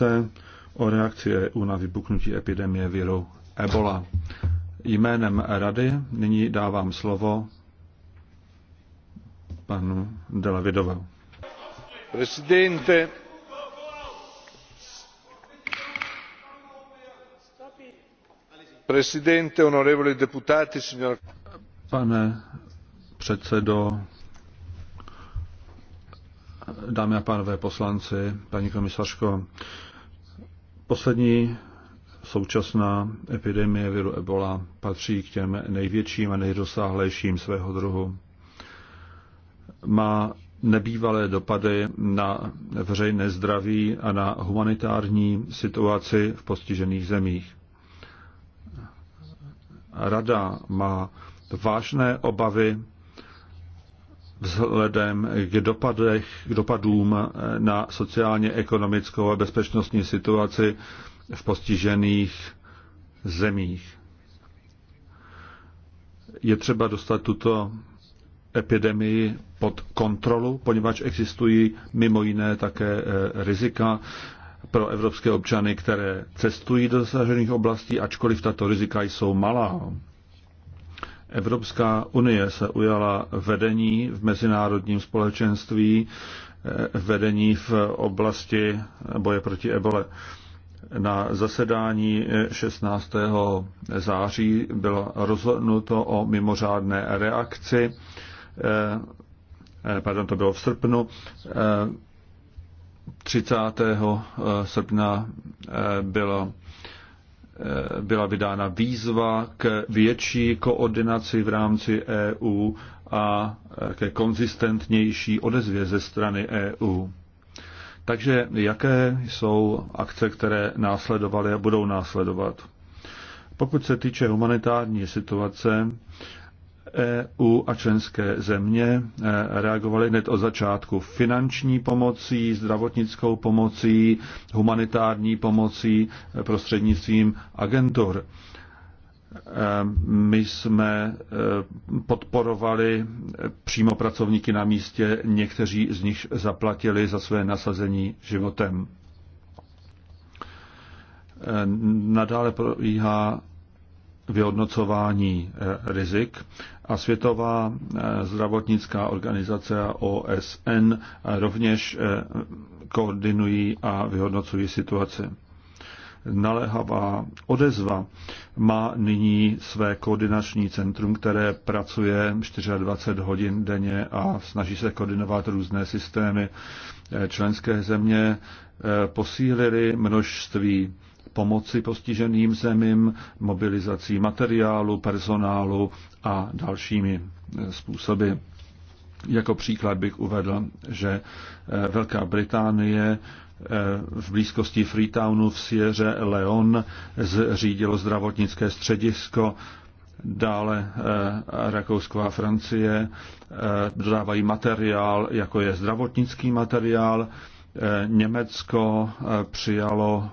otázce o reakci EU na vypuknutí epidemie viru Ebola. Jménem Rady nyní dávám slovo panu Delavidova. Presidente, Presidente, honorevoli deputati, signor... Pane předsedo, dámy a pánové poslanci, paní komisařko, Poslední současná epidemie viru Ebola patří k těm největším a nejdosáhlejším svého druhu. Má nebývalé dopady na veřejné zdraví a na humanitární situaci v postižených zemích. Rada má vážné obavy vzhledem k, dopadech, k dopadům na sociálně ekonomickou a bezpečnostní situaci v postižených zemích. Je třeba dostat tuto epidemii pod kontrolu, poněvadž existují mimo jiné také e, rizika pro evropské občany, které cestují do zasažených oblastí, ačkoliv tato rizika jsou malá. Evropská unie se ujala vedení v mezinárodním společenství, eh, vedení v oblasti boje proti ebole. Na zasedání 16. Eh, září bylo rozhodnuto o mimořádné reakci, eh, pardon, to bylo v srpnu, 30. srpna bylo Eh, byla vydána výzva k větší koordinaci v rámci EU a eh, ke konzistentnější odezvě ze strany EU. Takže jaké jsou akce, které následovaly a budou následovat? Pokud se týče humanitární situace, EU a členské země e, reagovaly hned od začátku finanční pomocí, zdravotnickou pomocí, humanitární pomocí e, prostřednictvím agentur. E, my jsme podporovali přímo pracovníky na místě, někteří z nich zaplatili za své nasazení životem. Nadále probíhá vyhodnocování rizik a Světová eh, zdravotnická organizace OSN eh, rovněž eh, koordinují a vyhodnocují situaci. Naléhavá odezva má nyní své koordinační centrum, které pracuje 24 hodin denně a snaží se koordinovat různé systémy. Členské země Posílili množství pomoci postiženým zemím, mobilizací materiálu, personálu a dalšími e, způsoby. Jako příklad bych uvedl, že e, Velká Británie e, v blízkosti Freetownu v Sierra Leon zřídilo zdravotnické středisko, dále Rakousko a Francie dodávají materiál, jako je zdravotnický materiál. Německo přijalo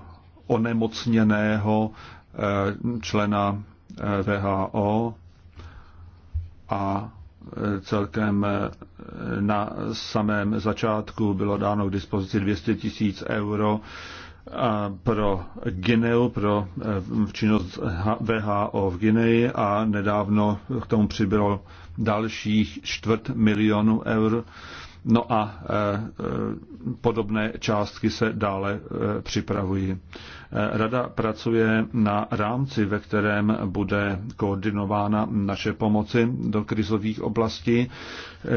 onemocněného eh, člena eh, VHO a eh, celkem na samém začátku bylo dáno k dispozici 200 tisíc euro pro Gineu, pro činnost VHO v Gineji a nedávno k tomu přibylo dalších čtvrt milionů eur No a eh, podobné částky se dále eh, připravují. Eh, rada pracuje na rámci, ve kterém bude koordinována naše pomoci do krizových oblastí.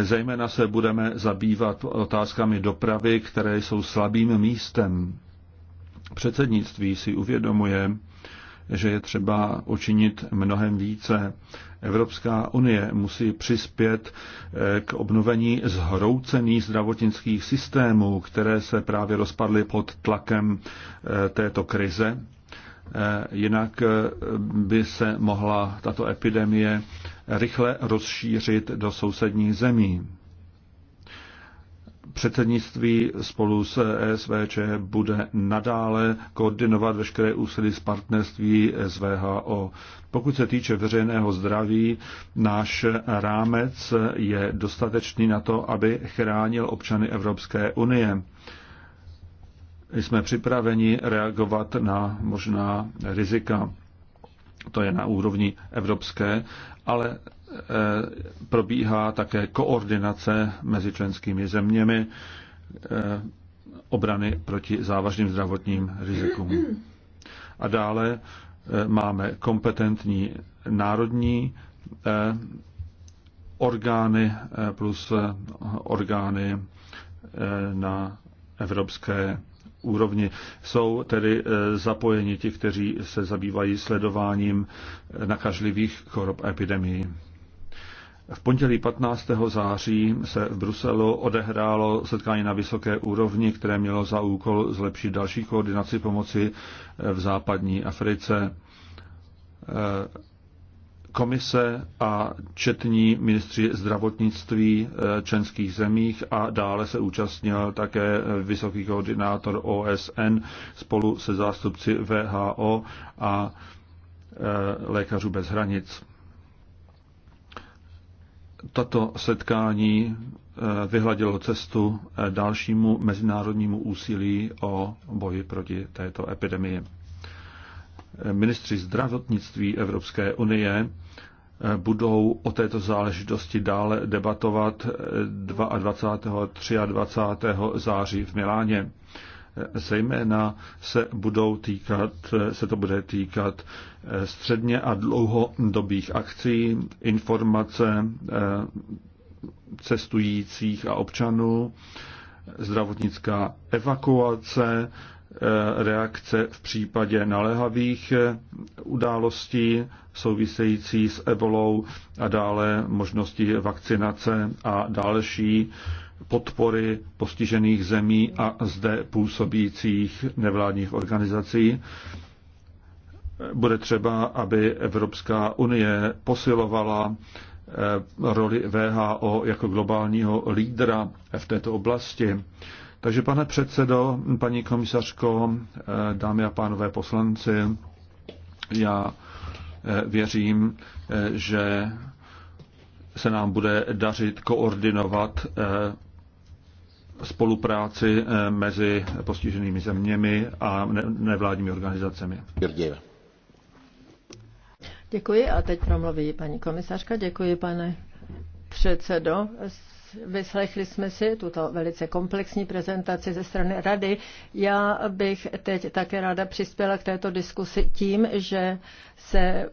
Zejména se budeme zabývat otázkami dopravy, které jsou slabým místem. Předsednictví si uvědomuje, že je třeba učinit mnohem více. Evropská unie musí přispět eh, k obnovení zhroucených zdravotnických systémů, které se právě rozpadly pod tlakem eh, této krize. Eh, jinak by se mohla tato epidemie rychle rozšířit do sousedních zemí předsednictví spolu s ESVČ bude nadále koordinovat veškeré úsilí z partnerství e SVHO. Pokud se týče veřejného zdraví, náš rámec je dostatečný na to, aby chránil občany Evropské unie. Jsme připraveni reagovat na možná rizika. To je na úrovni evropské, ale Eh, probíhá také koordinace mezi členskými zeměmi eh, obrany proti závažným zdravotním rizikům. A dále eh, máme kompetentní národní orgány plus orgány na evropské úrovni. Jsou tedy zapojeni ti, kteří se zabývají sledováním nakažlivých chorob epidemií. V pondělí 15. září se v Bruselu odehrálo setkání na vysoké úrovni, které mělo za úkol zlepšit další koordinaci pomoci eh, v západní Africe. Eh, komise a četní ministři zdravotnictví eh, členských zemích a dále se účastnil také vysoký koordinátor OSN spolu se zástupci VHO a lékařů bez hranic. Tato setkání eh, vyhladilo cestu eh, dalšímu mezinárodnímu úsilí o boji proti této epidemii. Eh, ministři zdravotnictví Evropské unie budou o této záležitosti dále debatovat 22. a 23. září v Miláně zejména se, budou týkat, se to bude týkat eh, středně a dlouhodobých akcí, informace eh, cestujících a občanů, zdravotnická evakuace, eh, reakce v případě naléhavých událostí související s ebolou a dále možnosti vakcinace a další podpory postižených zemí a zde působících nevládních organizací. Bude třeba, aby Evropská unie posilovala eh, roli VHO jako globálního lídra v této oblasti. Takže pane předsedo, paní komisařko, eh, dámy a pánové poslanci, já eh, věřím, že se nám bude dařit koordinovat spolupráci eh, mezi postiženými zeměmi a nevládními organizacemi. Děkuji a teď promluví paní komisařka. Děkuji, pane předsedo. Vyslechli jsme si tuto velice komplexní prezentaci ze strany Rady. Já bych teď také ráda přispěla k této diskusi tím, že se eh,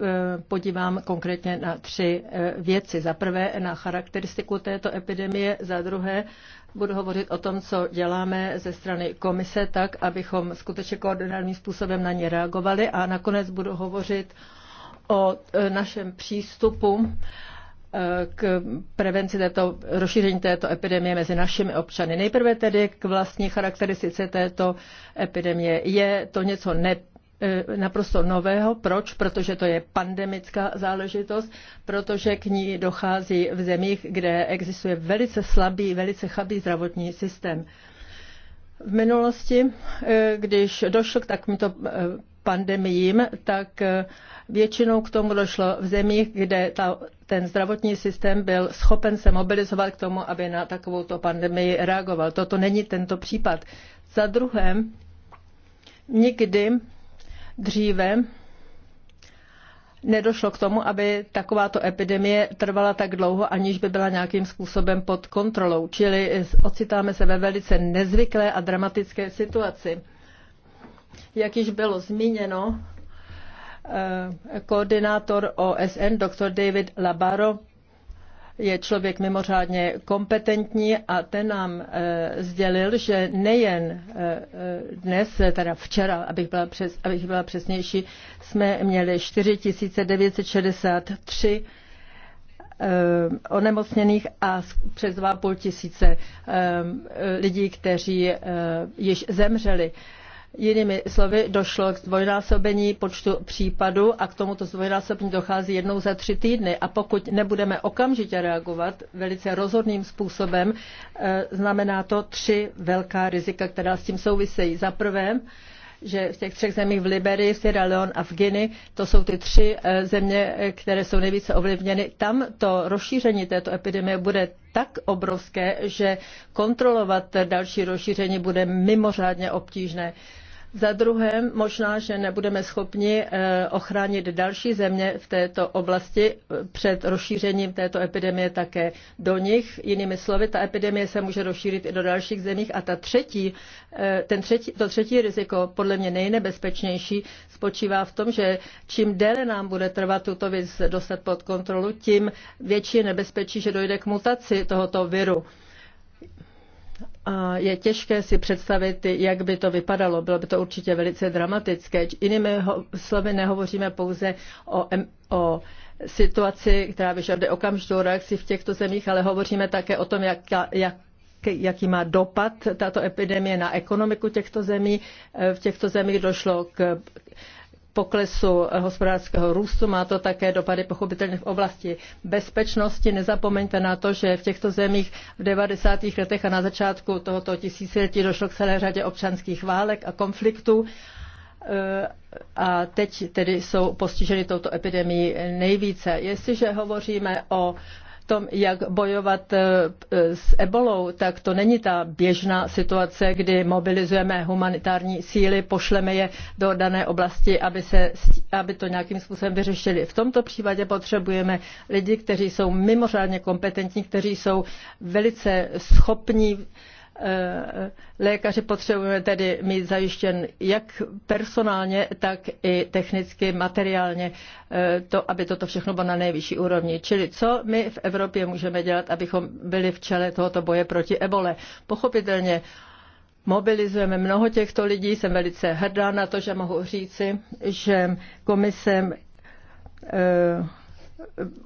podívám konkrétně na tři eh, věci. Za prvé na charakteristiku této epidemie, za druhé Budu hovořit o tom, co děláme ze strany komise, tak abychom skutečně koordinálním způsobem na ně reagovali a nakonec budu hovořit o e, našem přístupu e, k prevenci této, rozšíření této epidemie mezi našimi občany. Nejprve tedy k vlastní charakteristice této epidemie. Je to něco ne, Eh, naprosto nového. Proč? Protože to je pandemická záležitost, protože k ní dochází v zemích, kde existuje velice slabý, velice chabý zdravotní systém. V minulosti, eh, když došlo k takovýmto eh, pandemiím, tak většinou k tomu došlo v zemích, kde ta, ten zdravotní systém byl schopen se mobilizovat k tomu, aby na takovouto pandemii reagoval. Toto není tento případ. Za druhém, nikdy dříve nedošlo k tomu, aby takováto epidemie trvala tak dlouho, aniž by byla nějakým způsobem pod kontrolou. Čili ocitáme se ve velice nezvyklé a dramatické situaci. Jak již bylo zmíněno, eh, koordinátor OSN, dr. David Labaro, je člověk mimořádně kompetentní a ten nám eh, sdělil, že nejen eh, eh, dnes, teda včera, abych byla, přes, abych byla přesnější, jsme měli 4963 onemocněných a přes 2,5 tisíce lidí, kteří již zemřeli. Jinými slovy, došlo k zdvojnásobení počtu případů a k tomuto zdvojnásobení dochází jednou za tři týdny. A pokud nebudeme okamžitě reagovat velice rozhodným způsobem, eh, znamená to tři velká rizika, která s tím souvisejí. Za prvé, že v těch třech zemích v Liberii, v Sierra Leone a v Gini, to jsou ty tři eh, země, eh, které jsou nejvíce ovlivněny, tam to rozšíření této epidemie bude tak obrovské, že kontrolovat další rozšíření bude mimořádně obtížné. Za druhé, možná, že nebudeme schopni eh, ochránit další země v této oblasti eh, před rozšířením této epidemie také do nich. Jinými slovy, ta epidemie se může rozšířit i do dalších zemích. A ta třetí, eh, ten třetí, to třetí riziko, podle mě nejnebezpečnější, spočívá v tom, že čím déle nám bude trvat tuto věc dostat pod kontrolu, tím větší je nebezpečí, že dojde k mutaci tohoto viru. A je těžké si představit, jak by to vypadalo. Bylo by to určitě velice dramatické. Jinými slovy nehovoříme pouze o, o situaci, která vyžaduje okamžitou reakci v těchto zemích, ale hovoříme také o tom, jak, jak jaký má dopad tato epidemie na ekonomiku těchto zemí. E, v těchto zemích došlo k poklesu hospodářského růstu, má to také dopady pochopitelně v oblasti bezpečnosti. Nezapomeňte na to, že v těchto zemích v 90. letech a na začátku tohoto tisíciletí došlo k celé řadě občanských válek a konfliktů eh, a teď tedy jsou postiženy touto epidemií nejvíce. Jestliže hovoříme o tom, jak bojovat eh, eh, s ebolou, tak to není ta běžná situace, kdy mobilizujeme humanitární síly, pošleme je do dané oblasti, aby, se, aby to nějakým způsobem vyřešili. V tomto případě potřebujeme lidi, kteří jsou mimořádně kompetentní, kteří jsou velice schopní Eh, eh, lékaři potřebujeme tedy mít zajištěn jak personálně, tak i technicky, materiálně, eh, to, aby toto všechno bylo na nejvyšší úrovni. Čili co my v Evropě můžeme dělat, abychom byli v čele tohoto boje proti ebole? Pochopitelně mobilizujeme mnoho těchto lidí, jsem velice hrdá na to, že mohu říci, že komisem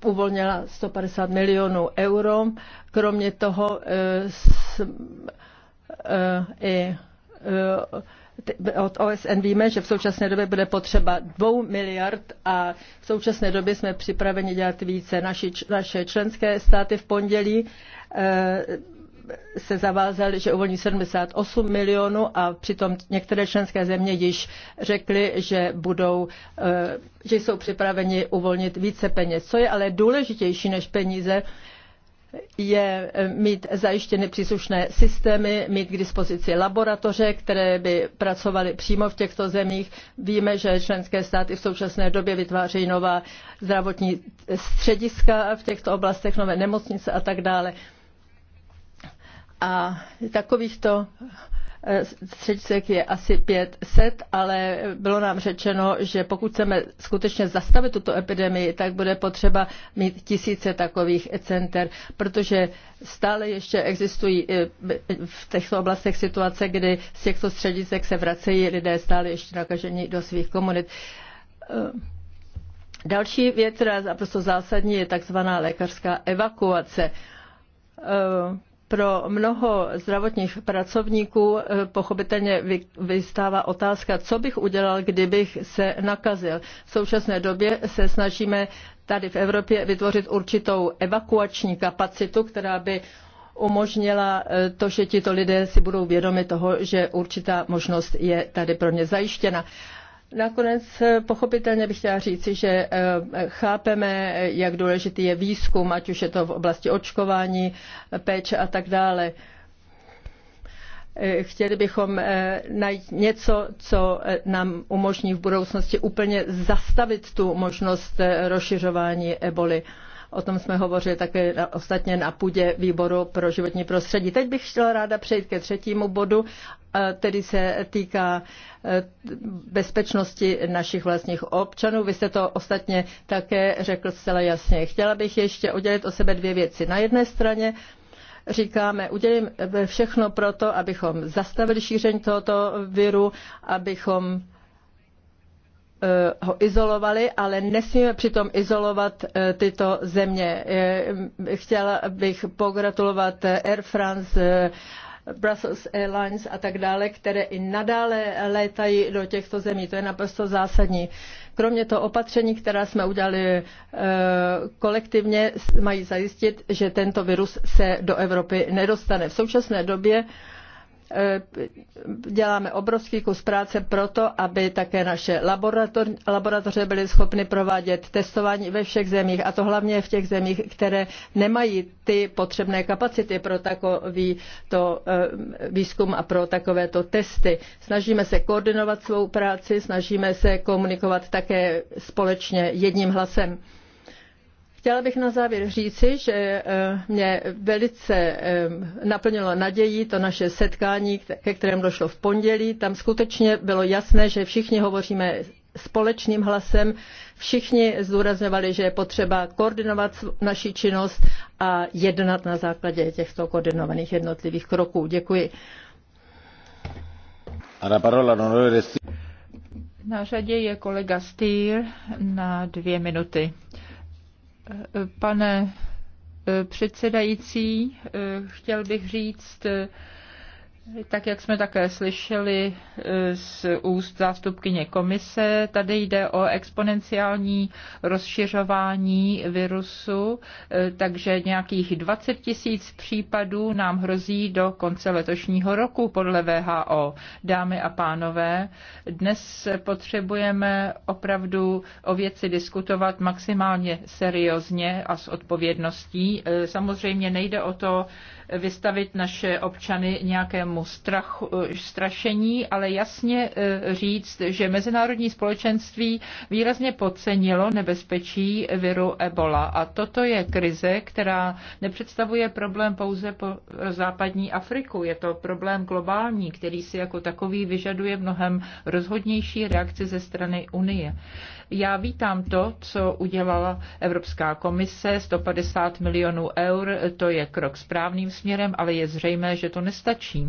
uvolnila 150 milionů euro. Kromě toho eh, eh, i eh, od OSN víme, že v současné době bude potřeba dvou miliard a v současné době jsme připraveni dělat více. Naši, naše členské státy v pondělí se zavázal, že uvolní 78 milionů a přitom některé členské země již řekly, že, budou, eh, že jsou připraveni uvolnit více peněz. Co je ale důležitější než peníze, je eh, mít zajištěny příslušné systémy, mít k dispozici laboratoře, které by pracovaly přímo v těchto zemích. Víme, že členské státy v současné době vytvářejí nová zdravotní střediska v těchto oblastech, nové nemocnice a tak dále. A takovýchto eh, středisek je asi 500, ale bylo nám řečeno, že pokud chceme skutečně zastavit tuto epidemii, tak bude potřeba mít tisíce takových center, protože stále ještě existují eh, v těchto oblastech situace, kdy z těchto středisek se vracejí lidé stále ještě nakažení do svých komunit. Eh, další věc, která je naprosto zásadní, je takzvaná lékařská evakuace pro mnoho zdravotních pracovníků eh, pochopitelně vystává otázka, co bych udělal, kdybych se nakazil. V současné době se snažíme tady v Evropě vytvořit určitou evakuační kapacitu, která by umožnila eh, to, že tito lidé si budou vědomi toho, že určitá možnost je tady pro ně zajištěna. Nakonec eh, pochopitelně bych chtěla říci, že eh, chápeme, jak důležitý je výzkum, ať už je to v oblasti očkování, péče a tak dále. Eh, chtěli bychom najít něco, co nám umožní v budoucnosti úplně zastavit tu možnost rozšiřování eboli. O tom jsme hovořili také ostatně na půdě výboru pro životní prostředí. Teď bych chtěla ráda přejít ke třetímu bodu, který e, se týká e, bezpečnosti našich vlastních občanů. Vy jste to ostatně také řekl zcela jasně. Chtěla bych ještě oddělit o sebe dvě věci. Na jedné straně říkáme, udělím e, všechno pro to, abychom zastavili šíření tohoto viru, abychom Eh, ho izolovali, ale nesmíme přitom izolovat eh, tyto země. Eh, Chtěla bych pogratulovat Air France, Brussels Airlines a tak dále, které i nadále létají do těchto zemí. To je naprosto zásadní. Kromě toho opatření, která jsme udělali kolektivně, mají zajistit, že tento virus se do Evropy nedostane. V současné době Eh, děláme obrovský kus práce pro to, aby také naše laboratoře byly schopny provádět testování ve všech zemích, a to hlavně v těch zemích, které nemají ty potřebné kapacity pro takový to eh, výzkum a pro takovéto testy. Snažíme se koordinovat svou práci, snažíme se komunikovat také společně jedním hlasem. Chtěla bych na závěr říci, že eh, mě velice eh, naplnilo naději to naše setkání, ke kterém došlo v pondělí. Tam skutečně bylo jasné, že všichni hovoříme společným hlasem. Všichni zdůrazňovali, že je potřeba koordinovat naši činnost a jednat na základě těchto koordinovaných jednotlivých kroků. Děkuji. Na řadě je kolega Stýr na dvě minuty. Pane eh, předsedající, eh, chtěl bych říct, eh, tak jak jsme také slyšeli eh, z úst zástupkyně komise, tady jde o exponenciální rozšiřování virusu, eh, takže nějakých 20 tisíc případů nám hrozí do konce letošního roku podle VHO. Dámy a pánové, dnes potřebujeme opravdu o věci diskutovat maximálně seriózně a s odpovědností. Eh, samozřejmě nejde o to, vystavit naše občany nějakému strachu, strašení, ale jasně eh, říct, že mezinárodní společenství výrazně podcenilo nebezpečí viru Ebola. A toto je krize, která nepředstavuje problém pouze pro západní Afriku. Je to problém globální, který si jako takový vyžaduje mnohem rozhodnější reakci ze strany Unie. Já vítám to, co udělala Evropská komise, 150 milionů eur, to je krok správným směrem, ale je zřejmé, že to nestačí.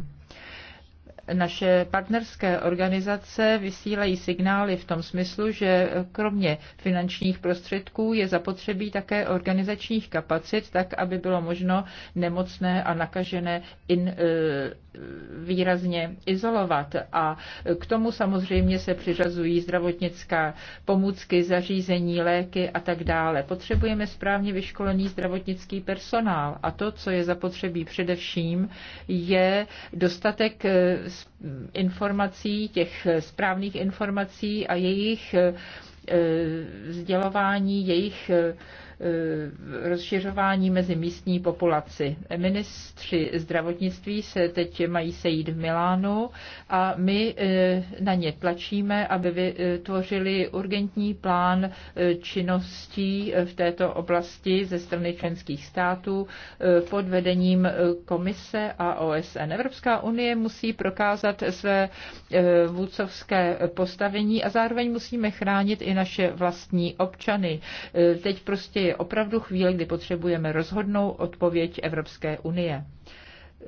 Naše partnerské organizace vysílají signály v tom smyslu, že kromě finančních prostředků je zapotřebí také organizačních kapacit, tak aby bylo možno nemocné a nakažené in, e, výrazně izolovat. A k tomu samozřejmě se přiřazují zdravotnická pomůcky, zařízení, léky a tak dále. Potřebujeme správně vyškolený zdravotnický personál a to, co je zapotřebí především, je dostatek e, informací, těch správných informací a jejich vzdělování, eh, eh, jejich eh, Eh, rozšiřování mezi místní populaci. Ministři zdravotnictví se teď mají sejít v Milánu a my eh, na ně tlačíme, aby vytvořili urgentní plán eh, činností v této oblasti ze strany členských států pod vedením komise a OSN. Evropská unie musí prokázat své vůcovské postavení a zároveň musíme chránit i naše vlastní občany. Teď prostě je je opravdu chvíle, kdy potřebujeme rozhodnou odpověď Evropské unie.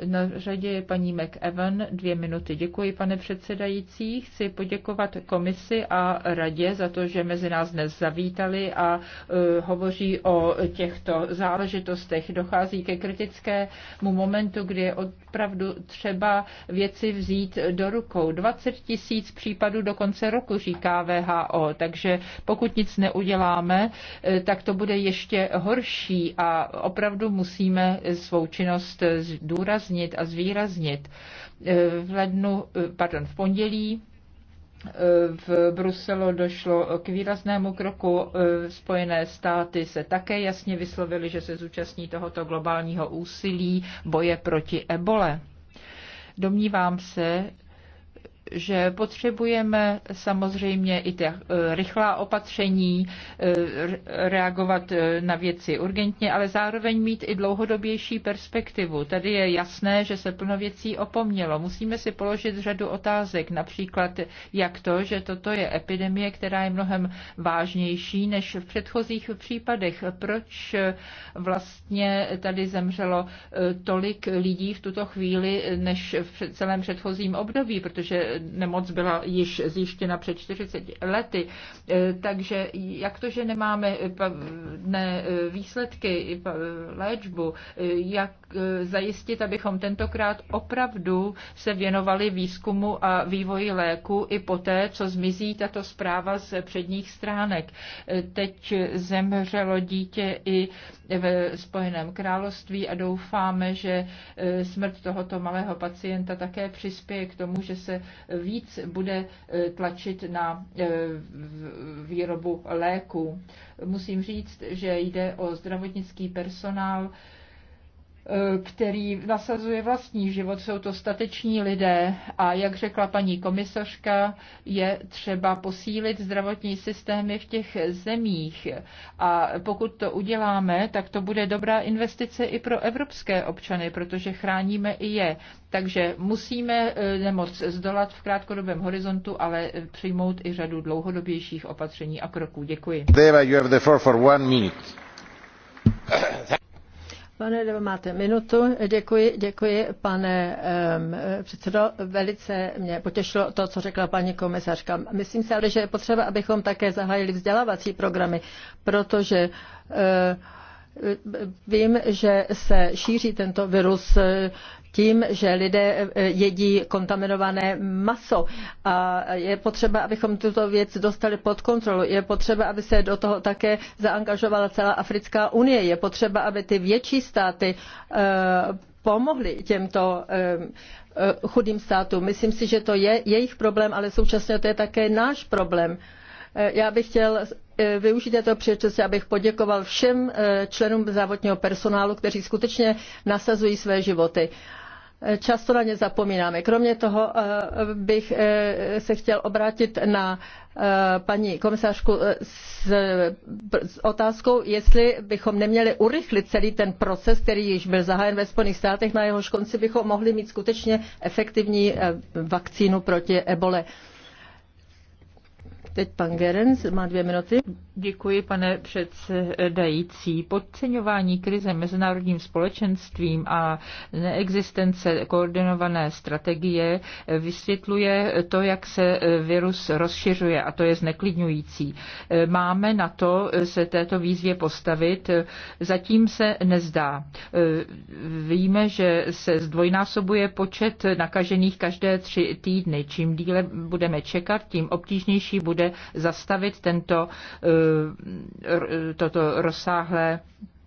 Na řadě je paní McEvan. Dvě minuty. Děkuji, pane předsedající. Chci poděkovat komisi a radě za to, že mezi nás dnes zavítali a uh, hovoří o těchto záležitostech. Dochází ke kritickému momentu, kdy je od, opravdu třeba věci vzít do rukou. 20 tisíc případů do konce roku, říká VHO, takže pokud nic neuděláme, eh, tak to bude ještě horší a opravdu musíme svou činnost zdůraznit a zvýraznit. Eh, v lednu, eh, pardon, v pondělí v Bruselu došlo k výraznému kroku. E, Spojené státy se také jasně vyslovily, že se zúčastní tohoto globálního úsilí boje proti ebole. Domnívám se, že potřebujeme samozřejmě i ta e, rychlá opatření, e, reagovat e, na věci urgentně, ale zároveň mít i dlouhodobější perspektivu. Tady je jasné, že se plno věcí opomnělo. Musíme si položit řadu otázek, například jak to, že toto je epidemie, která je mnohem vážnější než v předchozích případech. Proč vlastně tady zemřelo tolik lidí v tuto chvíli než v celém předchozím období, protože nemoc byla již zjištěna před 40 lety. Eh, takže jak to, že nemáme ne, eh, výsledky, eh, léčbu, jak zajistit, abychom tentokrát opravdu se věnovali výzkumu a vývoji léku i poté, co zmizí tato zpráva z předních stránek. Teď zemřelo dítě i ve Spojeném království a doufáme, že smrt tohoto malého pacienta také přispěje k tomu, že se víc bude eh, tlačit na eh, výrobu léků. Musím říct, že jde o zdravotnický personál, Eh, který nasazuje vlastní život. Jsou to stateční lidé a jak řekla paní komisařka, je třeba posílit zdravotní systémy v těch zemích. A pokud to uděláme, tak to bude dobrá investice i pro evropské občany, protože chráníme i je. Takže musíme eh, nemoc zdolat v krátkodobém horizontu, ale eh, přijmout i řadu dlouhodobějších opatření a kroků. Děkuji. Deva, you have the floor for one minute. Pane Devo, máte minutu. Děkuji, děkuji, pane um, předsedo. Velice mě potěšilo to, co řekla paní komisařka. Myslím si ale, že je potřeba, abychom také zahájili vzdělávací programy, protože uh, Vím, že se šíří tento virus tím, že lidé eh, jedí kontaminované maso. A je potřeba, abychom tuto věc dostali pod kontrolu. Je potřeba, aby se do toho také zaangažovala celá Africká unie. Je potřeba, aby ty větší státy eh, pomohly těmto eh, chudým státům. Myslím si, že to je jejich problém, ale současně to je také náš problém. Já bych chtěl využít této příležitosti, abych poděkoval všem členům zdravotního personálu, kteří skutečně nasazují své životy. Často na ně zapomínáme. Kromě toho eh, bych eh, se chtěl obrátit na eh, paní komisařku s otázkou, jestli bychom neměli urychlit celý ten proces, který již byl zahájen ve Spojených státech, na jehož konci bychom mohli mít skutečně efektivní vakcínu proti ebole. Teď pan Gerenc má dvě minuty. Děkuji, pane předsedající. Podceňování krize mezinárodním společenstvím a neexistence koordinované strategie vysvětluje to, jak se virus rozšiřuje a to je zneklidňující. Máme na to se této výzvě postavit. Zatím se nezdá. Víme, že se zdvojnásobuje počet nakažených každé tři týdny. Čím díle budeme čekat, tím obtížnější bude zastavit tento, eh, toto rozsáhlé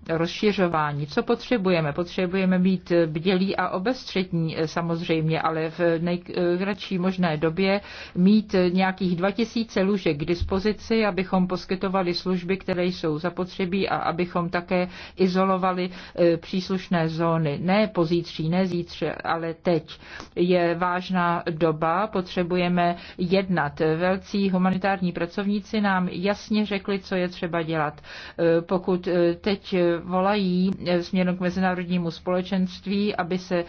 rozšiřování. Co potřebujeme? Potřebujeme být bdělí a obestřední eh, samozřejmě, ale v nejkratší možné době mít nějakých 2000 lůžek k dispozici, abychom poskytovali služby, které jsou zapotřebí a abychom také izolovali eh, příslušné zóny. Ne pozítří, ne zítře, ale teď. Je vážná doba, potřebujeme jednat. Velcí humanitární pracovníci nám jasně řekli, co je třeba dělat. Eh, pokud teď volají eh, směrem k mezinárodnímu společenství, aby se eh,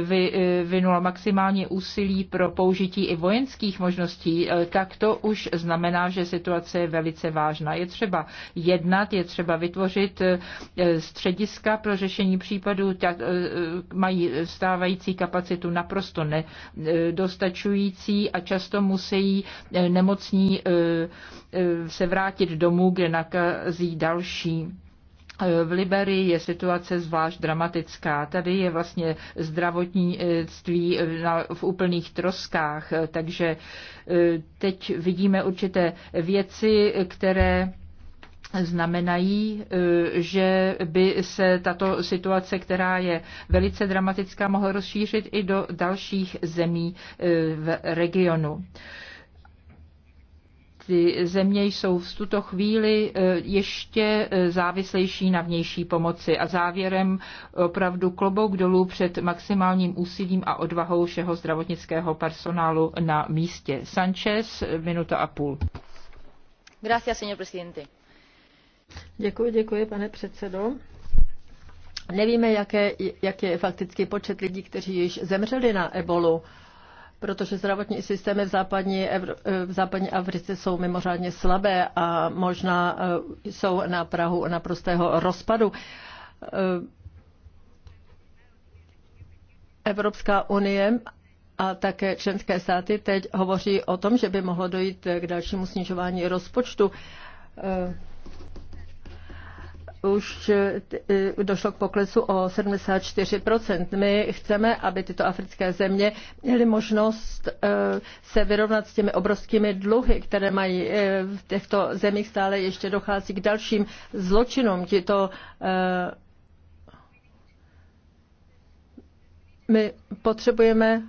vyvinula eh, maximálně úsilí pro použití i vojenských možností, tak to už znamená, že situace je velice vážná. Je třeba jednat, je třeba vytvořit střediska pro řešení případů, tak mají stávající kapacitu naprosto nedostačující a často musí nemocní se vrátit domů, kde nakazí další. V Liberii je situace zvlášť dramatická. Tady je vlastně zdravotnictví v úplných troskách, takže e, teď vidíme určité věci, které znamenají, e, že by se tato situace, která je velice dramatická, mohla rozšířit i do dalších zemí e, v regionu ty země jsou v tuto chvíli e, ještě e, závislejší na vnější pomoci. A závěrem opravdu klobouk dolů před maximálním úsilím a odvahou všeho zdravotnického personálu na místě. Sanchez, minuta a půl. Gracias, señor presidente. Děkuji, děkuji, pane předsedo. Nevíme, jaké, jaký je faktický počet lidí, kteří již zemřeli na ebolu protože zdravotní systémy v západní, eh, v západní Africe jsou mimořádně slabé a možná eh, jsou na Prahu naprostého rozpadu. Eh, Evropská unie a také členské státy teď hovoří o tom, že by mohlo dojít k dalšímu snižování rozpočtu už eh, eh, došlo k poklesu o 74%. My chceme, aby tyto africké země měly možnost eh, se vyrovnat s těmi obrovskými dluhy, které mají v těchto zemích stále ještě dochází k dalším zločinům. Tito my potřebujeme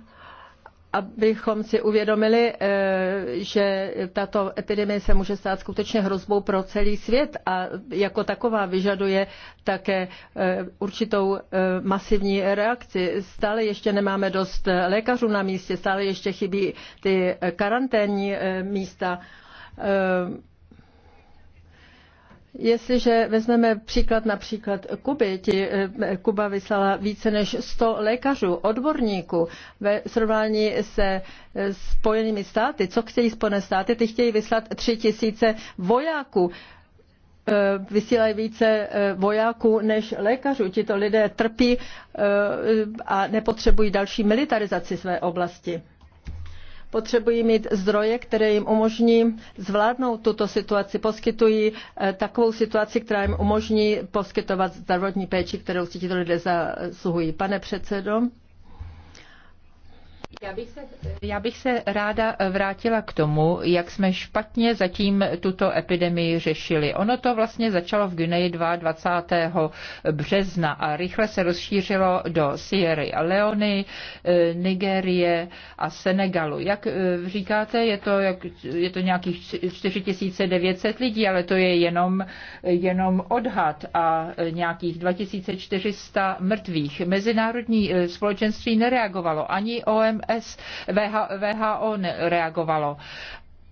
abychom si uvědomili, eh, že tato epidemie se může stát skutečně hrozbou pro celý svět a jako taková vyžaduje také eh, určitou eh, masivní reakci. Stále ještě nemáme dost lékařů na místě, stále ještě chybí ty karanténní místa Jestliže vezmeme příklad například Kuby, ti, eh, Kuba vyslala více než 100 lékařů, odborníků ve srovnání se eh, spojenými státy. Co chtějí spojené státy? Ty chtějí vyslat 3 tisíce vojáků eh, vysílají více vojáků než lékařů. Tito lidé trpí a nepotřebují další militarizaci své oblasti potřebují mít zdroje, které jim umožní zvládnout tuto situaci. Poskytují eh, takovou situaci, která jim umožní poskytovat zdravotní péči, kterou si tito lidé zasluhují. Pane předsedo. Já bych, se, já bych se ráda vrátila k tomu, jak jsme špatně zatím tuto epidemii řešili. Ono to vlastně začalo v Guineji 22. března a rychle se rozšířilo do Sierry a Leony, eh, Nigérie a Senegalu. Jak eh, říkáte, je to, jak, je to nějakých 4900 lidí, ale to je jenom, jenom odhad a nějakých 2400 mrtvých. Mezinárodní eh, společenství nereagovalo ani OM OMS, VH, VHO nereagovalo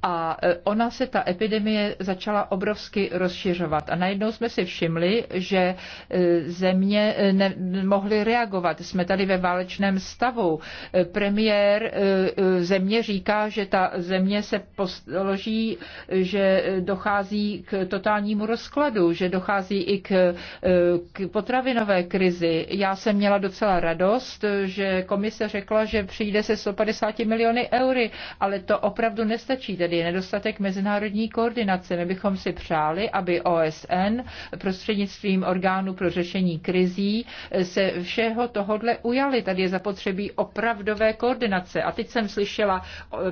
a e, ona se ta epidemie začala obrovsky rozšiřovat. A najednou jsme si všimli, že e, země e, nemohly reagovat. Jsme tady ve válečném stavu. Premiér země říká, že ta země se položí, že dochází k totálnímu rozkladu, že dochází i k, k potravinové krizi. Já jsem měla docela radost, že komise řekla, že přijde se 150 miliony eury, ale to opravdu nestačí. Tedy tedy nedostatek mezinárodní koordinace. My bychom si přáli, aby OSN prostřednictvím orgánu pro řešení krizí se všeho tohodle ujali. Tady je zapotřebí opravdové koordinace. A teď jsem slyšela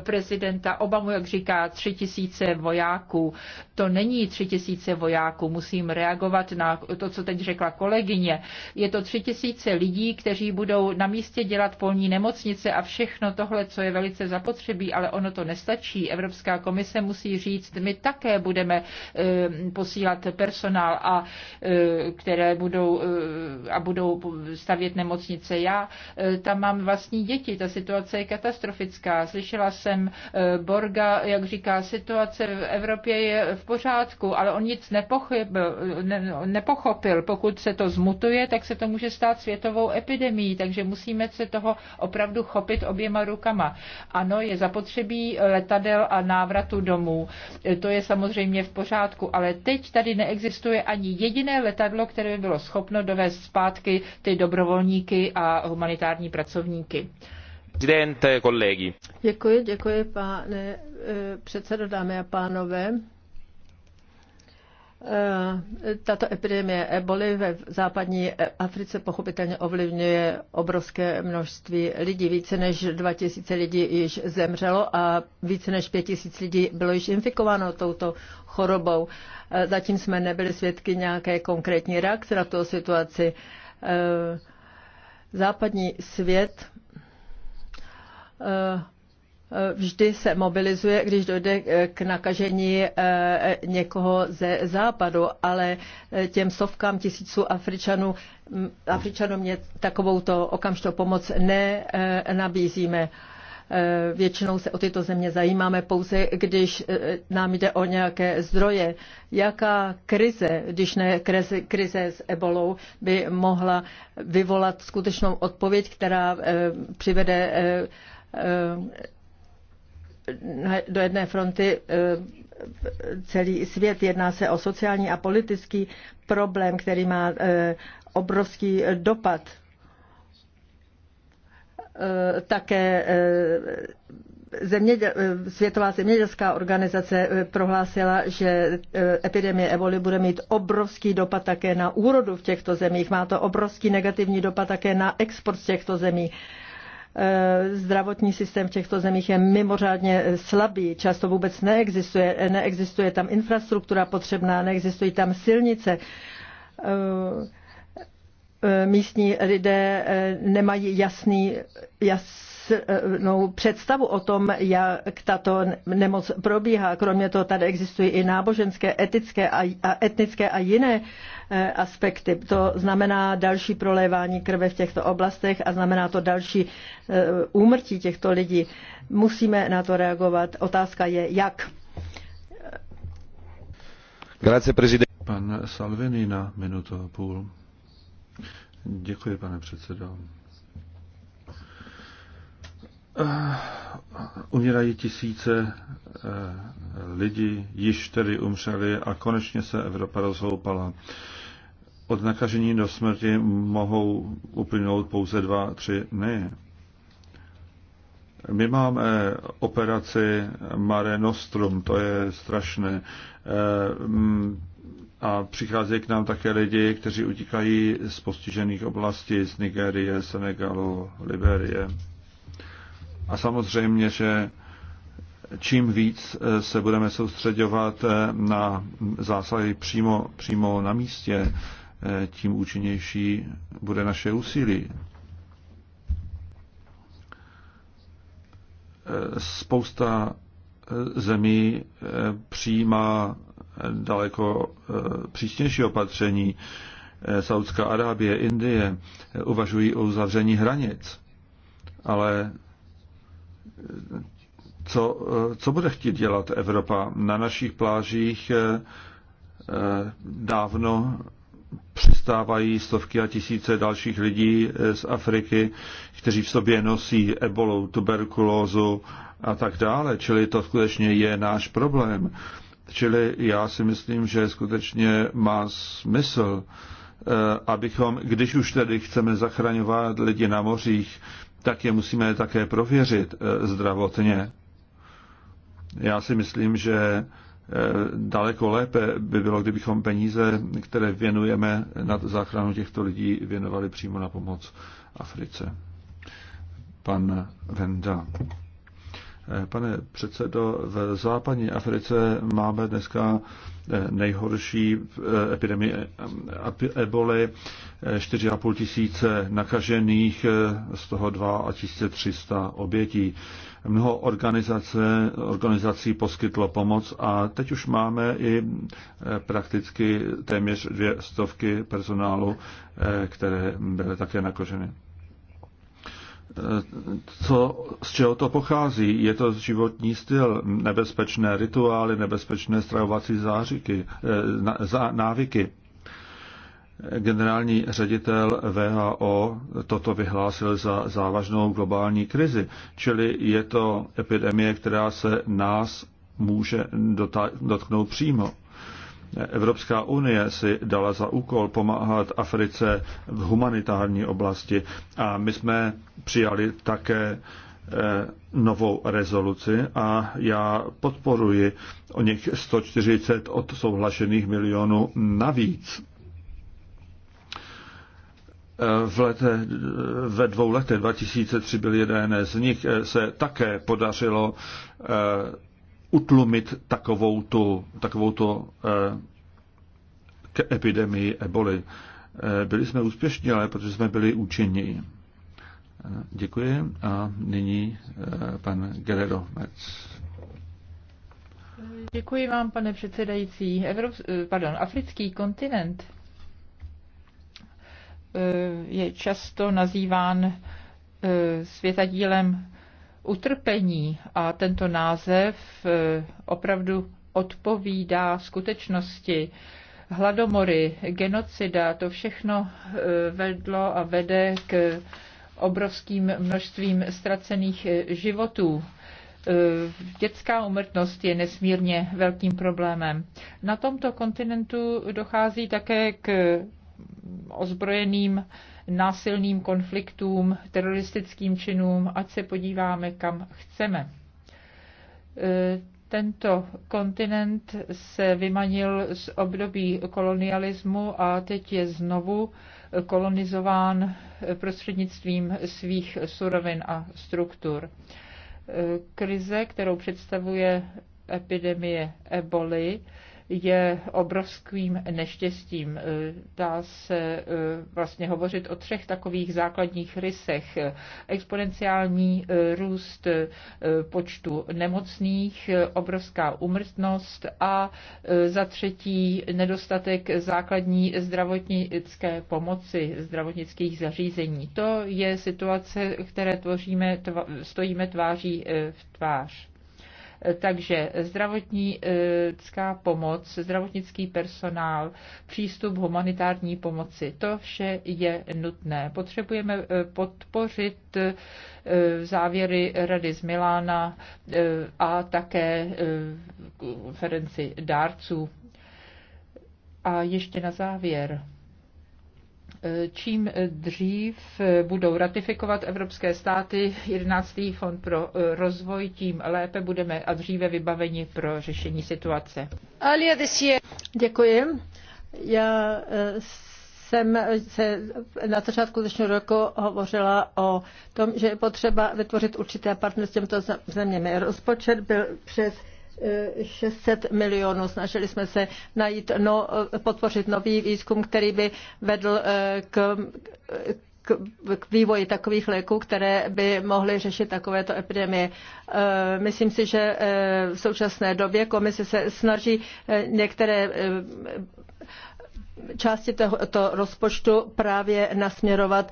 prezidenta Obamu, jak říká, tři tisíce vojáků to není tři tisíce vojáků. Musím reagovat na to, co teď řekla kolegyně. Je to tři tisíce lidí, kteří budou na místě dělat polní nemocnice a všechno tohle, co je velice zapotřebí, ale ono to nestačí. Evropská komise musí říct, my také budeme eh, posílat personál, a, eh, které budou, eh, a budou stavět nemocnice. Já tam mám vlastní děti, ta situace je katastrofická. Slyšela jsem Borga, jak říká, situace v Evropě je v pořádku, ale on nic nepochopil, ne, nepochopil. Pokud se to zmutuje, tak se to může stát světovou epidemií, takže musíme se toho opravdu chopit oběma rukama. Ano, je zapotřebí letadel a návratu domů. To je samozřejmě v pořádku, ale teď tady neexistuje ani jediné letadlo, které by bylo schopno dovést zpátky ty dobrovolníky a humanitární pracovníky. Děkuji, děkuji, pane eh, předsedo, dámy a pánové. Eh, tato epidemie eboli ve západní Africe pochopitelně ovlivňuje obrovské množství lidí. Více než 2000 lidí již zemřelo a více než 5000 lidí bylo již infikováno touto chorobou. Eh, zatím jsme nebyli svědky nějaké konkrétní reakce na tuto situaci. Eh, západní svět vždy se mobilizuje, když dojde k nakažení eh, někoho ze západu, ale eh, těm stovkám tisíců Afričanů, Afričanům takovouto okamžitou pomoc nenabízíme. Eh, většinou se o tyto země zajímáme pouze, když nám jde o nějaké zdroje. Jaká krize, když ne krize, krize s ebolou, by mohla vyvolat skutečnou odpověď, která přivede do jedné fronty eh, celý svět. Jedná se o sociální a politický problém, který má eh, obrovský dopad. Eh, také zeměděl, Světová zemědělská organizace prohlásila, že epidemie eboli bude mít obrovský dopad také na úrodu v těchto zemích. Má to obrovský negativní dopad také na export z těchto zemí. Eh, zdravotní systém v těchto zemích je mimořádně eh, slabý, často vůbec neexistuje, neexistuje tam infrastruktura potřebná, neexistují tam silnice. Eh, místní lidé nemají jasný, jasný jasnou představu o tom, jak tato nemoc probíhá. Kromě toho tady existují i náboženské, etické a, a etnické a jiné e, aspekty. To znamená další prolévání krve v těchto oblastech a znamená to další e, úmrtí těchto lidí. Musíme na to reagovat. Otázka je, jak. Grazie, prezident. Pan Salvini na minutu a půl. Děkuji, pane předsedo. Eh, umírají tisíce eh, lidí, již tedy umřeli a konečně se Evropa rozhoupala. Od nakažení do smrti mohou uplynout pouze dva, tři dny. My máme operaci Mare Nostrum, to je strašné. Eh, a přicházejí k nám také lidi, kteří utíkají z postižených oblastí, z Nigérie, Senegalu, Liberie. A samozřejmě, že čím víc eh, se budeme soustředovat eh, na zásahy přímo, přímo na místě, eh, tím účinnější bude naše úsilí. Spousta zemí přijímá daleko přísnější opatření. Saudská Arábie, Indie uvažují o uzavření hranic, ale co, co bude chtít dělat Evropa? Na našich plážích eh, eh, dávno přistávají stovky a tisíce dalších lidí eh, z Afriky, kteří v sobě nosí ebolu, tuberkulózu a tak dále. Čili to skutečně je náš problém. Čili já si myslím, že skutečně má smysl, abychom, když už tedy chceme zachraňovat lidi na mořích, tak je musíme také prověřit eh, zdravotně. Já si myslím, že eh, daleko lépe by bylo, kdybychom peníze, které věnujeme na záchranu těchto lidí, věnovali přímo na pomoc Africe. Pan Venda. Eh, pane předsedo, v západní Africe máme dneska eh, nejhorší eh, epidemii eboli, 4,5 tisíce nakažených, z toho 2 300 obětí. Mnoho organizace, organizací poskytlo pomoc a teď už máme i prakticky téměř dvě stovky personálu, které byly také nakaženy co, z čeho to pochází. Je to životní styl, nebezpečné rituály, nebezpečné stravovací zářiky, eh, návyky. Generální ředitel VHO toto vyhlásil za závažnou globální krizi, čili je to epidemie, která se nás může dotknout přímo. Evropská unie si dala za úkol pomáhat Africe v humanitární oblasti a my jsme přijali také eh, novou rezoluci a já podporuji o něch 140 souhlašených milionů navíc. V lete, ve dvou letech 2003 byl jeden z nich, eh, se také podařilo eh, utlumit takovou tu, takovou tu eh, k epidemii eboli. Eh, byli jsme úspěšní, ale protože jsme byli účinní. Eh, děkuji a nyní pan Guerrero Metz. Děkuji vám, pane předsedající. Evrop- pardon, africký kontinent je často nazýván světadílem utrpení a tento název eh, opravdu odpovídá skutečnosti. Hladomory, genocida, to všechno eh, vedlo a vede k obrovským množstvím ztracených eh, životů. Dětská umrtnost je nesmírně velkým problémem. Na tomto kontinentu dochází také k ozbrojeným násilným konfliktům, teroristickým činům, ať se podíváme, kam chceme. E, tento kontinent se vymanil z období kolonialismu a teď je znovu kolonizován prostřednictvím svých surovin a struktur. E, krize, kterou představuje epidemie eboli, je obrovským neštěstím. E, dá se e, vlastně hovořit o třech takových základních rysech. Exponenciální e, růst počtu nemocných, obrovská umrtnost a za třetí nedostatek základní zdravotnické pomoci, zdravotnických zařízení. To je situace, které tvoříme, tva, stojíme tváří v tvář. Takže zdravotnická pomoc, zdravotnický personál, přístup humanitární pomoci, to vše je nutné. Potřebujeme eh, podpořit eh, závěry Rady z Milána eh, a také konferenci dárců. A ještě na závěr čím dřív budou ratifikovat evropské státy 11. fond pro rozvoj, tím lépe budeme a dříve vybaveni pro řešení situace. Děkuji. Já eh, jsem se na začátku dnešního roku hovořila o tom, že je potřeba vytvořit určité partnerství s těmto zeměmi. Rozpočet byl přes 600 milionů. Snažili jsme se najít, no, podpořit nový výzkum, který by vedl eh, k, k, vývoji takových léků, které by mohly řešit takovéto epidemie. Eh, myslím si, že eh, v současné době komise se snaží některé části tohoto rozpočtu právě nasměrovat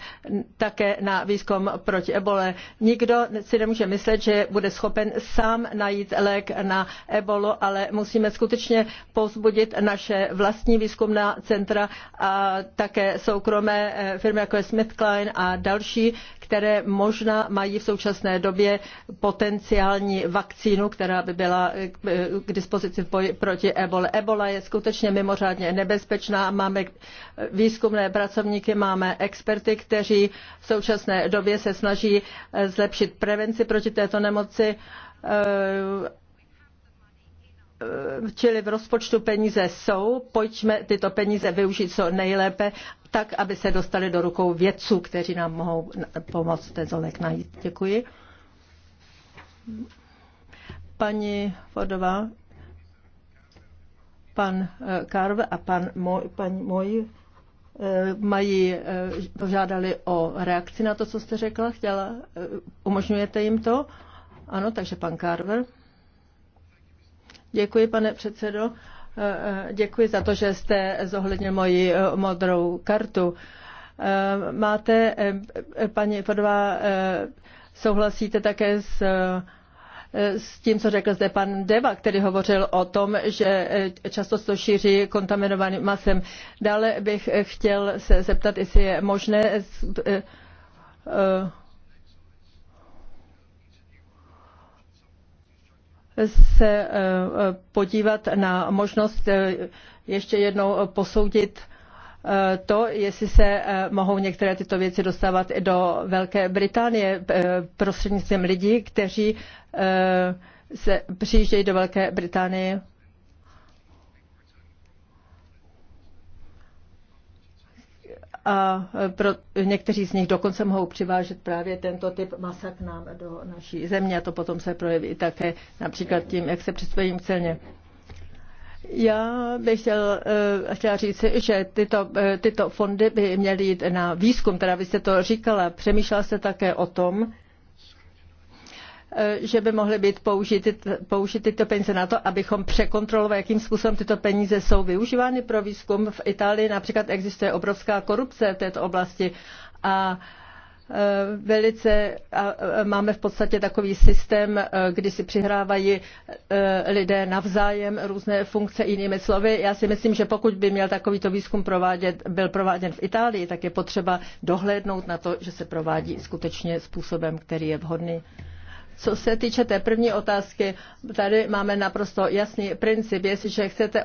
také na výzkum proti ebole. Nikdo si nemůže myslet, že bude schopen sám najít lék na ebolu, ale musíme skutečně povzbudit naše vlastní výzkumná centra a také soukromé eh, firmy jako je Smith Klein a další, které možná mají v současné době potenciální vakcínu, která by byla k dispozici proti ebole. Ebola je skutečně mimořádně nebezpečná. Máme výzkumné pracovníky, máme experty, kteří v současné době se snaží zlepšit prevenci proti této nemoci Eh, čili v rozpočtu peníze jsou, pojďme tyto peníze využít co nejlépe, tak, aby se dostali do rukou vědců, kteří nám mohou pomoct ten zolek najít. Děkuji. Paní Vodová, pan eh, Karve a pan Moj, pan Moj eh, mají, požádali o reakci na to, co jste řekla, chtěla, umožňujete jim to? Ano, takže pan Carver. Děkuji, pane předsedo. Eh, eh, děkuji za to, že jste zohlednil moji eh, modrou kartu. Máte, paní Fodová, souhlasíte také s s tím, co řekl zde pan Deva, který hovořil o tom, že často se to šíří kontaminovaným masem. Dále bych chtěl se zeptat, jestli je možné se eh, eh, podívat na možnost eh, ještě jednou posoudit to, jestli se mohou některé tyto věci dostávat i do Velké Británie prostřednictvím lidí, kteří se přijíždějí do Velké Británie a e, pro, někteří z nich dokonce mohou přivážet právě tento typ masa k nám do naší země a to potom se projeví také například tím, jak se přispějí v ceně. Já bych chtěl, e, chtěla říct, že tyto, e, tyto fondy by měly jít na výzkum, teda vy jste to říkala, přemýšlela jste také o tom, Eh, že by mohly být použity, použity tyto peníze na to, abychom překontrolovali, jakým způsobem tyto peníze jsou využívány pro výzkum. V Itálii například existuje obrovská korupce v této oblasti a eh, velice a eh, máme v podstatě takový systém, kdy si přihrávají lidé navzájem různé funkce jinými slovy. Já si myslím, že pokud by měl takovýto výzkum provádět, byl prováděn v Itálii, tak je potřeba dohlédnout na to, že se provádí skutečně způsobem, který je vhodný. Co se týče té první otázky, tady máme naprosto jasný princip. Jestliže chcete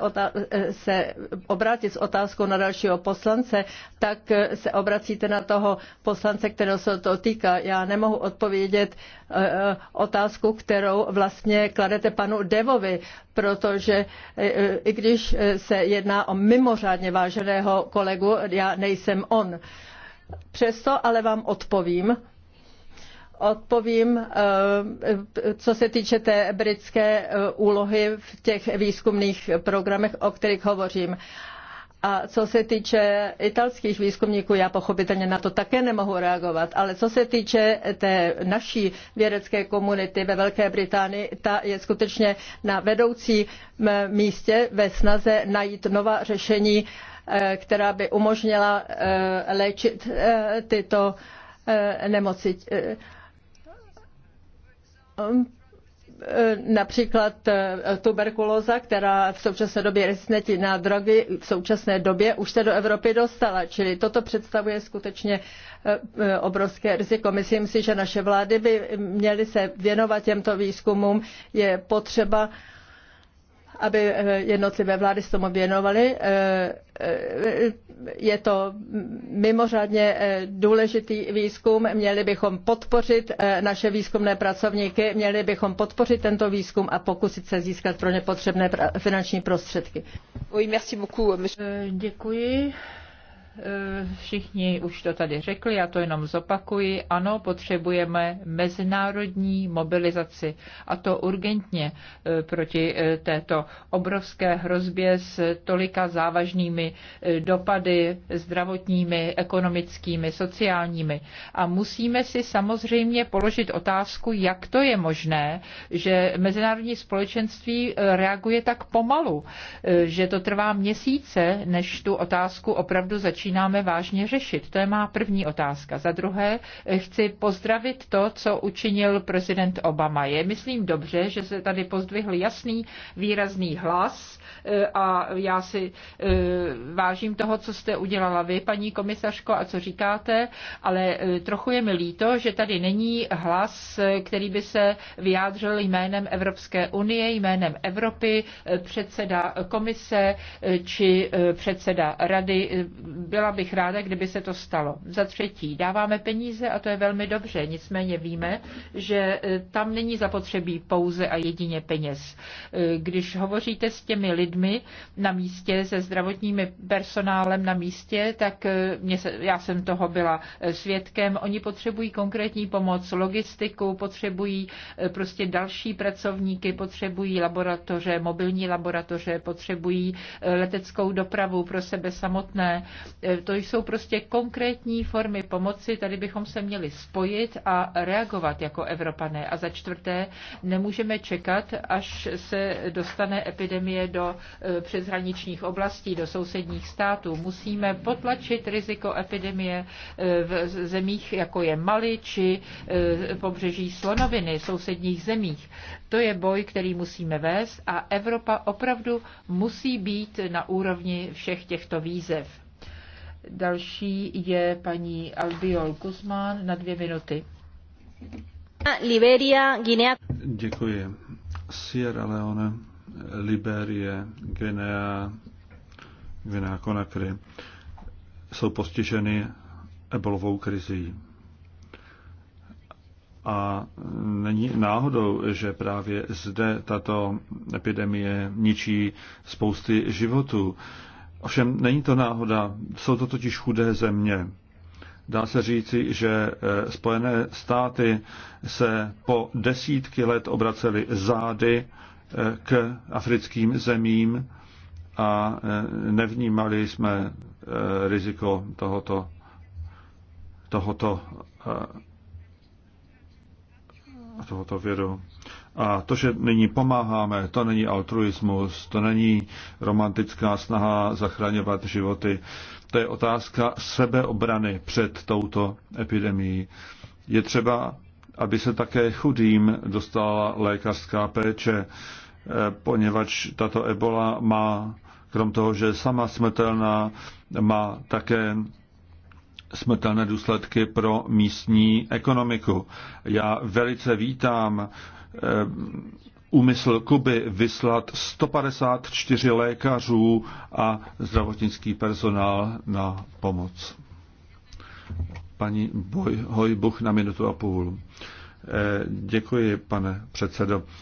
se obrátit s otázkou na dalšího poslance, tak se obracíte na toho poslance, kterého se to týká. Já nemohu odpovědět eh, eh, otázku, kterou vlastně kladete panu Devovi, protože eh, i když se jedná o mimořádně váženého kolegu, já nejsem on. Přesto ale vám odpovím, odpovím, eh, co se týče té britské eh, úlohy v těch výzkumných programech, o kterých hovořím. A co se týče italských výzkumníků, já pochopitelně na to také nemohu reagovat, ale co se týče té naší vědecké komunity ve Velké Británii, ta je skutečně na vedoucím místě ve snaze najít nová řešení, eh, která by umožnila léčit tyto nemoci. Um, eh, například eh, tuberkulóza, která v současné době rezistentní na drogy, v současné době už se do Evropy dostala. Čili toto představuje skutečně eh, obrovské riziko. Myslím si, že naše vlády by měly se věnovat těmto výzkumům. Je potřeba aby eh, jednotlivé vlády se tomu věnovaly. Eh, eh, je to mimořádně důležitý výzkum, měli bychom podpořit naše výzkumné pracovníky, měli bychom podpořit tento výzkum a pokusit se získat pro ně potřebné finanční prostředky. Děkuji všichni už to tady řekli, já to jenom zopakuji, ano, potřebujeme mezinárodní mobilizaci a to urgentně e, proti e, této obrovské hrozbě s tolika závažnými e, dopady zdravotními, ekonomickými, sociálními. A musíme si samozřejmě položit otázku, jak to je možné, že mezinárodní společenství reaguje tak pomalu, že to trvá měsíce, než tu otázku opravdu začíná začínáme vážně řešit. To je má první otázka. Za druhé, eh, chci pozdravit to, co učinil prezident Obama. Je, myslím, dobře, že se tady pozdvihl jasný, výrazný hlas eh, a já si eh, vážím toho, co jste udělala vy, paní komisařko, a co říkáte, ale trochu je mi líto, že tady není hlas, který by se vyjádřil jménem Evropské unie, jménem Evropy, předseda komise či předseda rady. Byla bych ráda, kdyby se to stalo. Za třetí, dáváme peníze a to je velmi dobře, nicméně víme, že e, tam není zapotřebí pouze a jedině peněz. E, když hovoříte s těmi lidmi na místě, se zdravotními personálem na místě, tak e, mě se, já jsem toho byla svědkem. Oni potřebují konkrétní pomoc, logistiku, potřebují prostě další pracovníky, potřebují laboratoře, mobilní laboratoře, potřebují leteckou dopravu pro sebe samotné, Eh, to jsou prostě konkrétní formy pomoci, tady bychom se měli spojit a reagovat jako Evropané. A za čtvrté, nemůžeme čekat, až se dostane epidemie do eh, přeshraničních oblastí, do sousedních států. Musíme potlačit riziko epidemie eh, v zemích, jako je Mali či pobřeží Slonoviny, sousedních zemích. To je boj, který musíme vést a Evropa opravdu musí být na úrovni všech těchto výzev. Další je paní Albiol Guzmán na dvě minuty. Liberia, Guinea. Děkuji. Sierra Leone, Liberie, Guinea, Guinea Conakry jsou postiženy ebolovou krizí. A není náhodou, že právě zde tato epidemie ničí spousty životů. Ovšem není to náhoda, jsou to totiž chudé země. Dá se říci, že e, Spojené státy se po desítky let obracely zády e, k africkým zemím a e, nevnímali jsme riziko tohoto, tohoto, tohoto viru. A to, že nyní pomáháme, to není altruismus, to není romantická snaha zachraňovat životy. To je otázka sebeobrany před touto epidemií. Je třeba, aby se také chudým dostala lékařská péče, eh, poněvadž tato ebola má, krom toho, že je sama smrtelná, má také smrtelné důsledky pro místní ekonomiku. Já velice vítám eh, úmysl Kuby vyslat 154 lékařů a zdravotnický personál na pomoc. Paní Boj, Hojbuch na minutu a půl. Eh, děkuji, pane předsedo. Eh,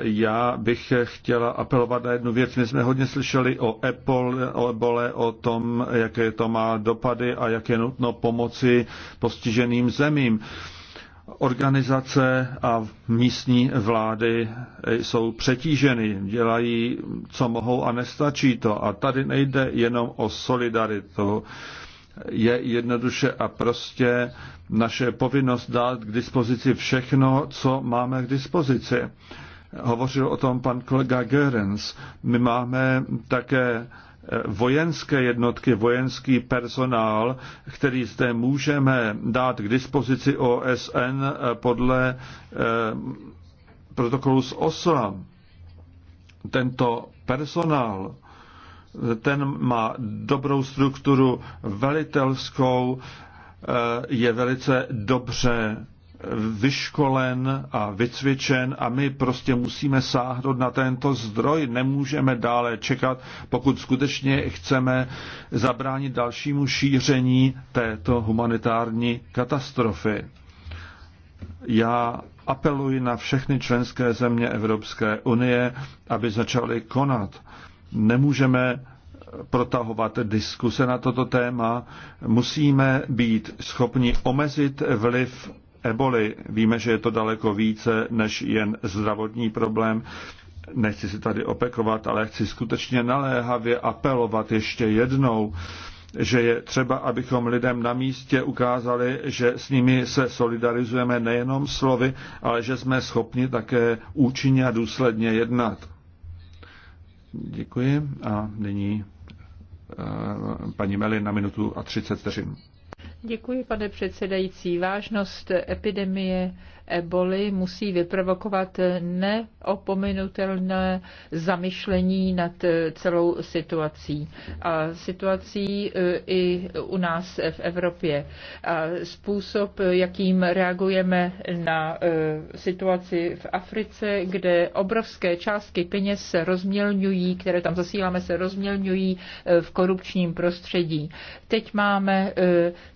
já bych chtěla apelovat na jednu věc. My jsme hodně slyšeli o Apple, o ebole, o tom, jaké to má dopady a jak je nutno pomoci postiženým zemím. Organizace a místní vlády jsou přetíženy, dělají, co mohou a nestačí to. A tady nejde jenom o solidaritu je jednoduše a prostě naše povinnost dát k dispozici všechno, co máme k dispozici. Hovořil o tom pan kolega Görens. My máme také eh, vojenské jednotky, vojenský personál, který zde můžeme dát k dispozici OSN eh, podle eh, protokolu z OSA. Tento personál ten má dobrou strukturu velitelskou, eh, je velice dobře vyškolen a vycvičen a my prostě musíme sáhnout na tento zdroj. Nemůžeme dále čekat, pokud skutečně chceme zabránit dalšímu šíření této humanitární katastrofy. Já apeluji na všechny členské země Evropské unie, aby začaly konat Nemůžeme protahovat diskuse na toto téma. Musíme být schopni omezit vliv eboli. Víme, že je to daleko více než jen zdravotní problém. Nechci si tady opekovat, ale chci skutečně naléhavě apelovat ještě jednou, že je třeba, abychom lidem na místě ukázali, že s nimi se solidarizujeme nejenom slovy, ale že jsme schopni také účinně a důsledně jednat. Děkuji a nyní eh, paní Meli na minutu a 30 vteřin. Děkuji, pane předsedající. Vážnost epidemie eboli musí vyprovokovat neopominutelné zamyšlení nad eh, celou situací. A situací eh, i u nás v Evropě. A způsob, jakým reagujeme na eh, situaci v Africe, kde obrovské částky peněz se rozmělňují, které tam zasíláme, se rozmělňují v korupčním prostředí. Teď máme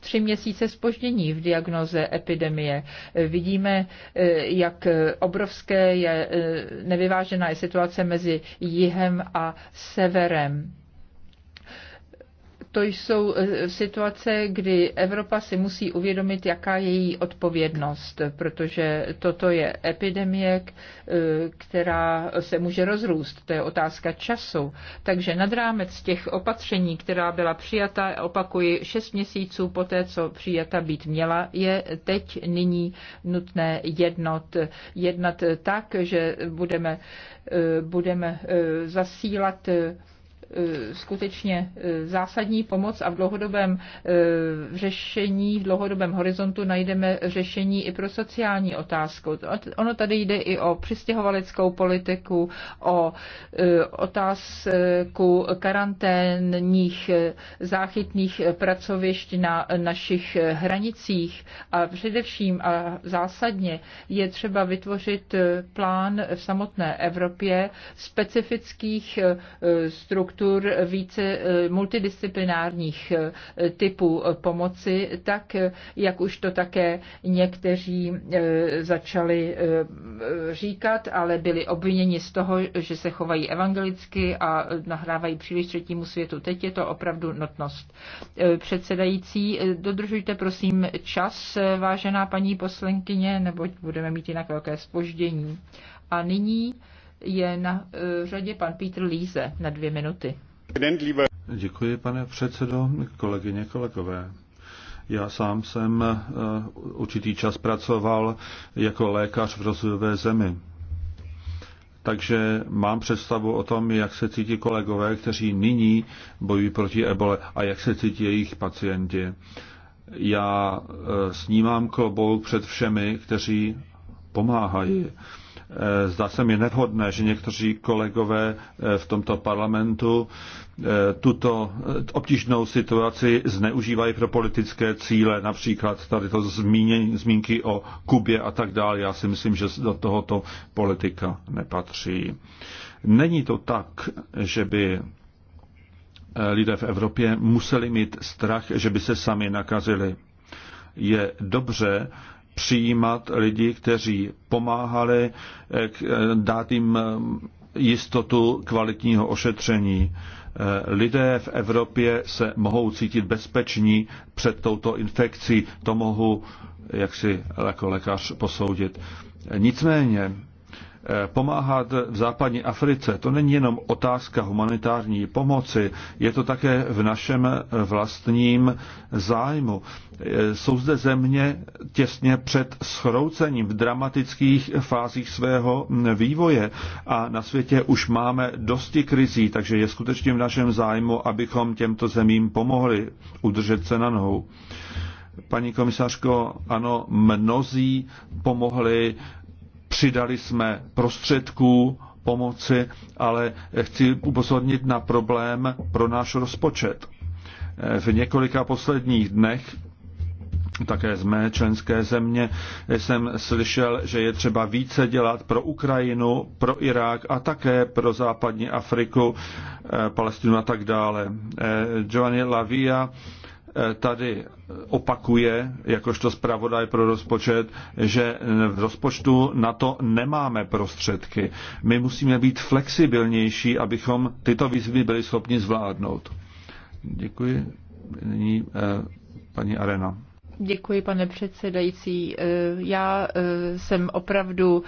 tři měsíce spoždění v diagnoze epidemie. Vidíme Eh, jak obrovské je eh, nevyvážená je situace mezi jihem a severem to jsou e, situace, kdy Evropa si musí uvědomit, jaká je její odpovědnost, protože toto je epidemie, e, která se může rozrůst. To je otázka času. Takže nad rámec těch opatření, která byla přijata, opakuji, šest měsíců po té, co přijata být měla, je teď nyní nutné jednot, jednat tak, že budeme, e, budeme zasílat Eh, skutečně eh, zásadní pomoc a v dlouhodobém eh, řešení, v dlouhodobém horizontu najdeme řešení i pro sociální otázku. Ono tady jde i o přistěhovaleckou politiku, o otázku karanténních záchytných pracovišť na našich hranicích a především a zásadně je třeba vytvořit plán v samotné Evropě specifických struktur, struktur více eh, multidisciplinárních eh, typů eh, pomoci, tak jak už to také někteří začali říkat, ale byli obviněni z toho, že se chovají evangelicky a nahrávají příliš třetímu světu. Teď je to opravdu notnost. Předsedající, dodržujte prosím čas, vážená paní poslankyně, neboť budeme mít jinak velké spoždění. A nyní je na eh, řadě pan Petr Líze na dvě minuty. Děkuji, pane předsedo, kolegyně, kolegové. Já sám jsem eh, určitý čas pracoval jako lékař v rozvojové zemi. Takže mám představu o tom, jak se cítí kolegové, kteří nyní bojují proti ebole a jak se cítí jejich pacienti. Já eh, snímám klobouk před všemi, kteří pomáhají. Hmm Eh, zdá se mi nevhodné, že někteří kolegové eh, v tomto parlamentu eh, tuto obtížnou situaci zneužívají pro politické cíle, například tady to zmínění, zmínky o Kubě a tak dále. Já si myslím, že do tohoto politika nepatří. Není to tak, že by lidé v Evropě museli mít strach, že by se sami nakazili. Je dobře, přijímat lidi, kteří pomáhali, eh, eh, dát jim eh, jistotu kvalitního ošetření. Lidé v Evropě se mohou cítit bezpeční před touto infekcí, to mohu jak si jako lékař posoudit. Nicméně Eh, pomáhat v západní Africe, to není jenom otázka humanitární pomoci, je to také v našem vlastním zájmu. Eh, jsou zde země těsně před schroucením v dramatických fázích svého vývoje a na světě už máme dosti krizí, takže je skutečně v našem zájmu, abychom těmto zemím pomohli udržet se na nohou paní komisařko, ano, mnozí pomohli přidali jsme prostředků, pomoci, ale chci upozornit na problém pro náš rozpočet. V několika posledních dnech také z mé členské země jsem slyšel, že je třeba více dělat pro Ukrajinu, pro Irák a také pro západní Afriku, eh, Palestinu a tak dále. Eh, Giovanni Lavia tady opakuje, jakožto zpravodaj pro rozpočet, že v rozpočtu na to nemáme prostředky. My musíme být flexibilnější, abychom tyto výzvy byli schopni zvládnout. Děkuji. Nyní eh, paní Arena. Děkuji, pane předsedající. Eh, já eh, jsem opravdu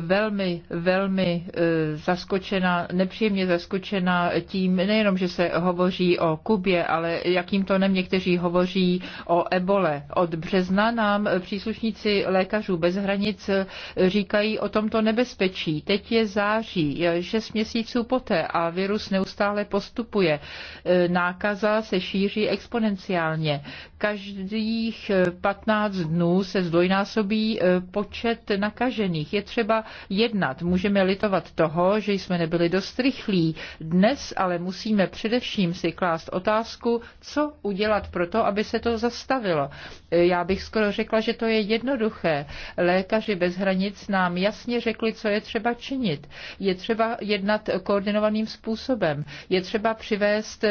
velmi, velmi eh, zaskočena, nepříjemně zaskočena tím, nejenom, že se hovoří o Kubě, ale jakým to nem někteří hovoří o ebole. Od března nám příslušníci lékařů bez hranic eh, říkají o tomto nebezpečí. Teď je září, šest měsíců poté a virus neustále postupuje. Eh, nákaza se šíří exponenciálně každých 15 eh, dnů se zdvojnásobí eh, počet nakažených. Je třeba jednat. Můžeme litovat toho, že jsme nebyli dost rychlí. Dnes ale musíme především si klást otázku, co udělat pro to, aby se to zastavilo. Eh, já bych skoro řekla, že to je jednoduché. Lékaři bez hranic nám jasně řekli, co je třeba činit. Je třeba jednat koordinovaným způsobem. Je třeba přivést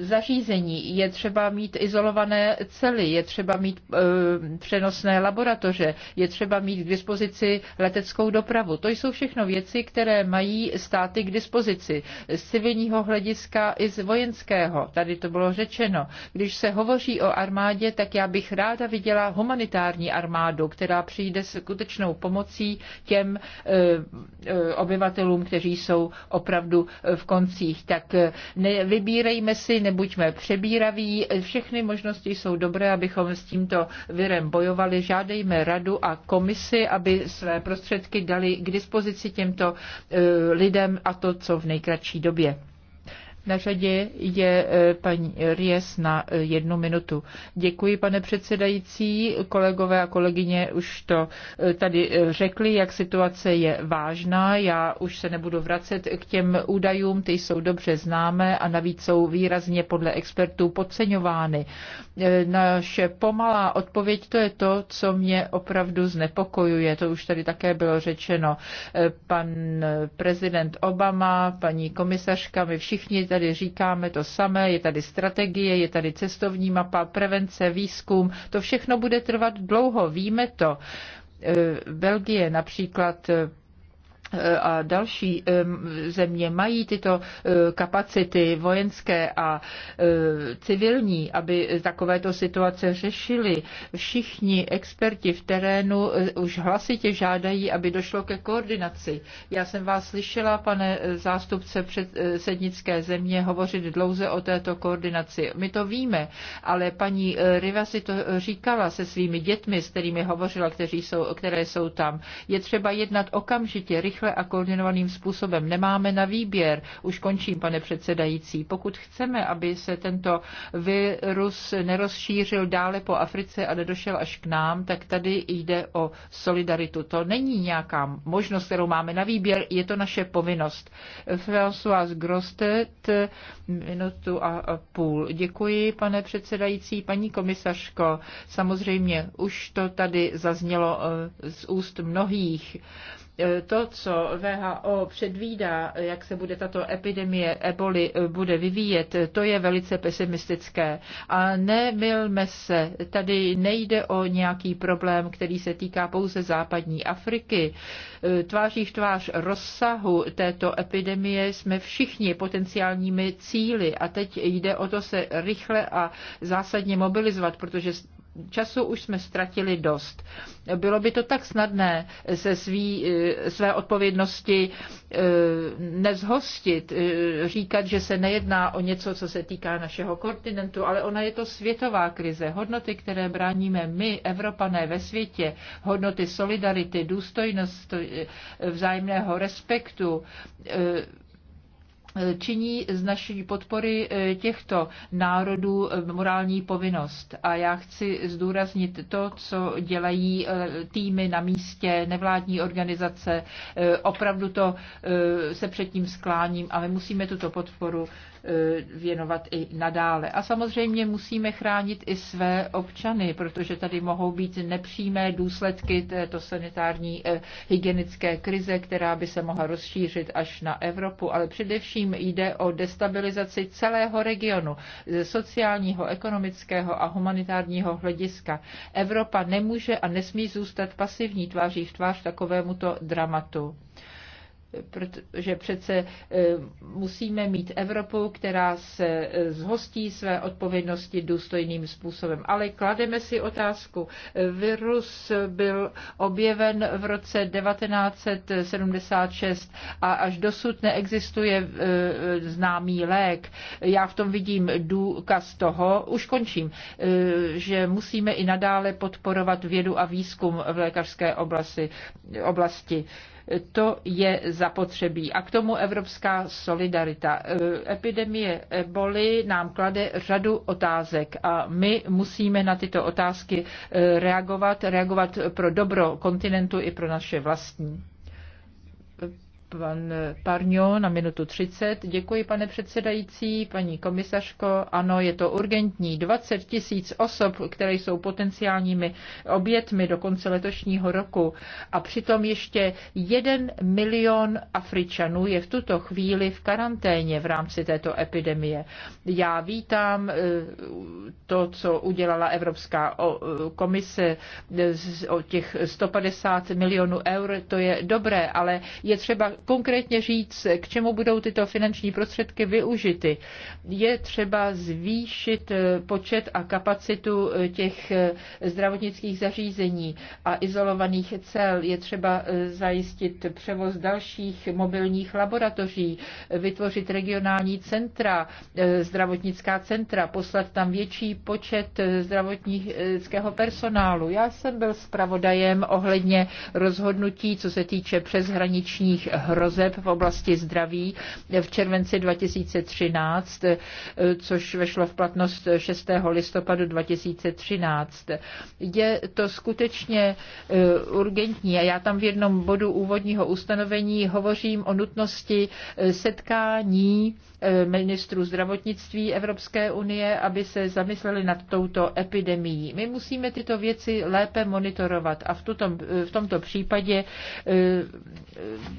zařízení. Je třeba mít izolovat izolované cely, je třeba mít e, přenosné laboratoře, je třeba mít k dispozici leteckou dopravu. To jsou všechno věci, které mají státy k dispozici z civilního hlediska i z vojenského. Tady to bylo řečeno. Když se hovoří o armádě, tak já bych ráda viděla humanitární armádu, která přijde s skutečnou pomocí těm e, e, obyvatelům, kteří jsou opravdu v koncích. Tak nevybírejme si, nebuďme přebíraví, všechny možnosti možnosti jsou dobré, abychom s tímto virem bojovali. Žádejme radu a komisi, aby své prostředky dali k dispozici těmto eh, lidem a to, co v nejkratší době. Na řadě je e, paní Ries na e, jednu minutu. Děkuji, pane předsedající. Kolegové a kolegyně už to e, tady řekli, jak situace je vážná. Já už se nebudu vracet k těm údajům, ty jsou dobře známé a navíc jsou výrazně podle expertů podceňovány. Naše pomalá odpověď to je to, co mě opravdu znepokojuje. To už tady také bylo řečeno. Pan prezident Obama, paní komisařka, my všichni tady tady říkáme to samé, je tady strategie, je tady cestovní mapa, prevence, výzkum, to všechno bude trvat dlouho, víme to. E, Belgie například e, Eh, a další země mají tyto eh, kapacity vojenské a eh, civilní, aby takovéto situace řešili. Všichni experti v terénu už hlasitě žádají, aby došlo ke koordinaci. Já jsem vás slyšela, pane zástupce předsednické země, hovořit dlouze o této koordinaci. My to víme, ale paní Riva si to říkala se svými dětmi, s kterými hovořila, kteří jsou, které jsou tam. Je třeba jednat okamžitě, rychle rychle a koordinovaným způsobem. Nemáme na výběr. Už končím, pane předsedající. Pokud chceme, aby se tento virus nerozšířil dále po Africe a nedošel až k nám, tak tady jde o solidaritu. To není nějaká možnost, kterou máme na výběr, je to naše povinnost. François Grostet, minutu a půl. Děkuji, pane předsedající. Paní komisařko, samozřejmě už to tady zaznělo eh, z úst mnohých. Eh, to, co VHO předvídá, jak se bude tato epidemie eboli eh, bude vyvíjet, eh, to je velice pesimistické. A nemilme se, tady nejde o nějaký problém, který se týká pouze západní Afriky. Tváří v tvář rozsahu této epidemie jsme všichni potenciálními cíly a teď jde o to se rychle a zásadně mobilizovat, protože času už jsme ztratili dost. Bylo by to tak snadné se svý, eh, své odpovědnosti eh, nezhostit, eh, říkat, že se nejedná o něco, co se týká našeho kontinentu, ale ona je to světová krize. Hodnoty, které bráníme my, Evropané ve světě, hodnoty solidarity, důstojnost, vzájemného respektu, činí z naší podpory eh, těchto národů eh, morální povinnost. A já chci zdůraznit to, co dělají eh, týmy na místě, nevládní organizace. Opravdu to se předtím skláním a my musíme tuto podporu E, věnovat i nadále. A samozřejmě musíme chránit i své občany, protože tady mohou být nepřímé důsledky této sanitární e, hygienické krize, která by se mohla rozšířit až na Evropu, ale především jde o destabilizaci celého regionu ze sociálního, ekonomického a humanitárního hlediska. Evropa nemůže a nesmí zůstat pasivní tváří v tvář takovémuto dramatu protože přece e, musíme mít Evropu, která se e, zhostí své odpovědnosti důstojným způsobem. Ale klademe si otázku. Virus byl objeven v roce 1976 a až dosud neexistuje e, známý lék. Já v tom vidím důkaz toho, už končím, že musíme i nadále podporovat vědu a výzkum v lékařské oblasti. oblasti to je zapotřebí. A k tomu evropská solidarita. E, epidemie eboli nám klade řadu otázek a my musíme na tyto otázky e, reagovat, reagovat pro dobro kontinentu i pro naše vlastní. Pan Parňo na minutu 30. Děkuji, pane předsedající, paní komisařko. Ano, je to urgentní. 20 tisíc osob, které jsou potenciálními obětmi do konce letošního roku. A přitom ještě 1 milion Afričanů je v tuto chvíli v karanténě v rámci této epidemie. Já vítám eh, to, co udělala Evropská eh, komise eh, o těch 150 milionů eur. To je dobré, ale je třeba konkrétně říct, k čemu budou tyto finanční prostředky využity. Je třeba zvýšit eh, počet a kapacitu eh, těch eh, zdravotnických zařízení a izolovaných cel. Je třeba zajistit převoz dalších mobilních laboratoří, vytvořit regionální centra, zdravotnická centra, poslat tam větší počet zdravotnického personálu. Já jsem byl zpravodajem ohledně rozhodnutí, co se týče přeshraničních hrozeb v oblasti zdraví v červenci 2013, což vešlo v platnost 6. listopadu 2013. Je to skutečně e, urgentní a já tam v jednom bodu úvodního ustanovení hovořím o nutnosti e, setkání e, ministrů zdravotnictví Evropské unie, aby se zamysleli nad touto epidemií. My musíme tyto věci lépe monitorovat a v, tuto, v tomto případě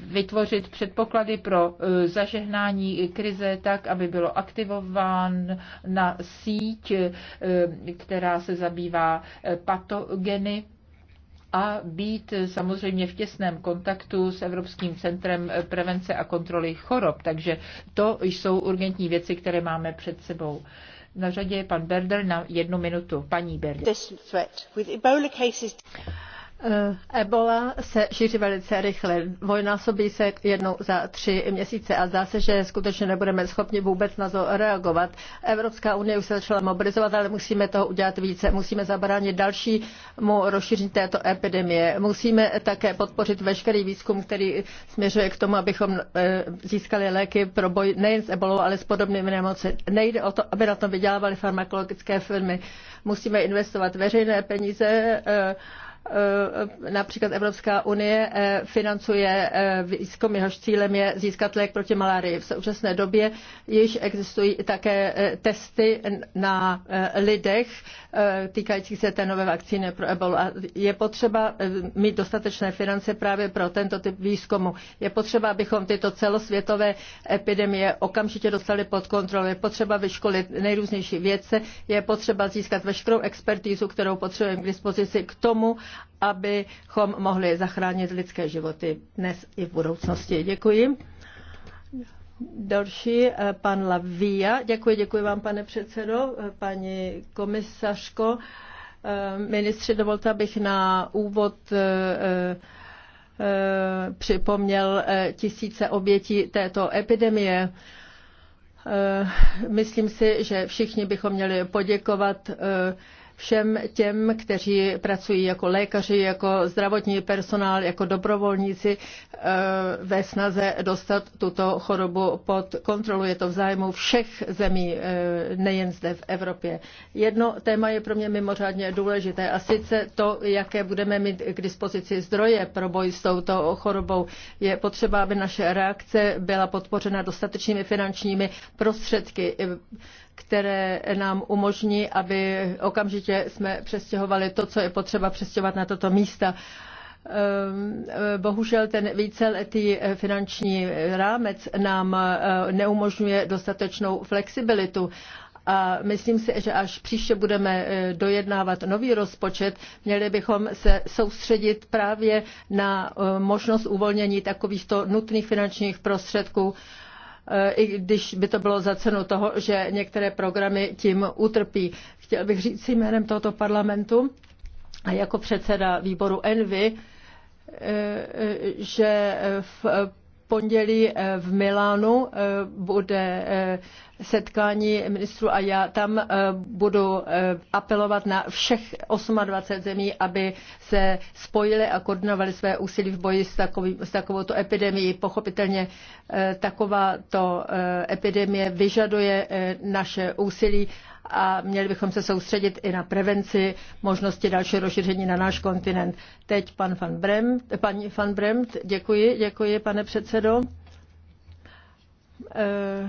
vytvořit vytvořit předpoklady pro e, zažehnání krize tak, aby bylo aktivován na síť, e, která se zabývá e, patogeny a být samozřejmě v těsném kontaktu s Evropským centrem prevence a kontroly chorob. Takže to jsou urgentní věci, které máme před sebou. Na řadě je pan Berder na jednu minutu. Paní Berder. Eh, Ebola se šíří velice rychle. Dvojnásobí se jednou za tři měsíce a zdá se, že skutečně nebudeme schopni vůbec na to reagovat. Evropská unie už se začala mobilizovat, ale musíme toho udělat více. Musíme zabránit dalšímu rozšíření této epidemie. Musíme také podpořit veškerý výzkum, který směřuje k tomu, abychom eh, získali léky pro boj nejen s ebolou, ale s podobnými nemoci. Nejde o to, aby na tom vydělávaly farmakologické firmy. Musíme investovat veřejné peníze eh, Eh, například Evropská unie eh, financuje eh, výzkum, jehož cílem je získat lék proti malárii. V současné době již existují také testy na lidech týkající se té nové vakcíny pro ebolu. A je potřeba mít dostatečné finance právě pro tento typ výzkumu. Je potřeba, abychom tyto celosvětové epidemie okamžitě dostali pod kontrolu. Je potřeba vyškolit nejrůznější vědce, je potřeba získat veškerou expertízu, kterou potřebujeme k dispozici k tomu, abychom mohli zachránit lidské životy dnes i v budoucnosti. Děkuji. Další, eh, pan Lavia. Děkuji, děkuji vám, pane předsedo, eh, paní komisařko. Eh, ministři, dovolte, abych na úvod připomněl tisíce obětí této epidemie. Myslím si, že všichni bychom měli poděkovat všem těm, kteří pracují jako lékaři, jako zdravotní personál, jako dobrovolníci eh, ve snaze dostat tuto chorobu pod kontrolu. Je to v zájmu všech zemí, eh, nejen zde v Evropě. Jedno téma je pro mě mimořádně důležité a sice to, jaké budeme mít k dispozici zdroje pro boj s touto chorobou. Je potřeba, aby naše reakce byla podpořena dostatečnými finančními prostředky které nám umožní, aby okamžitě jsme přestěhovali to, co je potřeba přestěhovat na toto místa. Ehm, e, bohužel ten víceletý e, finanční rámec nám e, neumožňuje dostatečnou flexibilitu a myslím si, že až příště budeme dojednávat nový rozpočet, měli bychom se soustředit právě na možnost uvolnění takovýchto nutných finančních prostředků i když by to bylo za cenu toho, že některé programy tím utrpí. Chtěl bych říct si jménem tohoto parlamentu a jako předseda výboru Envy, eh, eh, že v pondělí eh, v Milánu eh, bude eh, setkání ministrů a já tam budu apelovat na všech 28 zemí, aby se spojili a koordinovali své úsilí v boji s, takový, s takovouto epidemií. Pochopitelně takováto epidemie vyžaduje naše úsilí a měli bychom se soustředit i na prevenci možnosti dalšího rozšíření na náš kontinent. Teď pan van Bremt, paní van Bremt, děkuji, děkuji pane předsedo. Eh,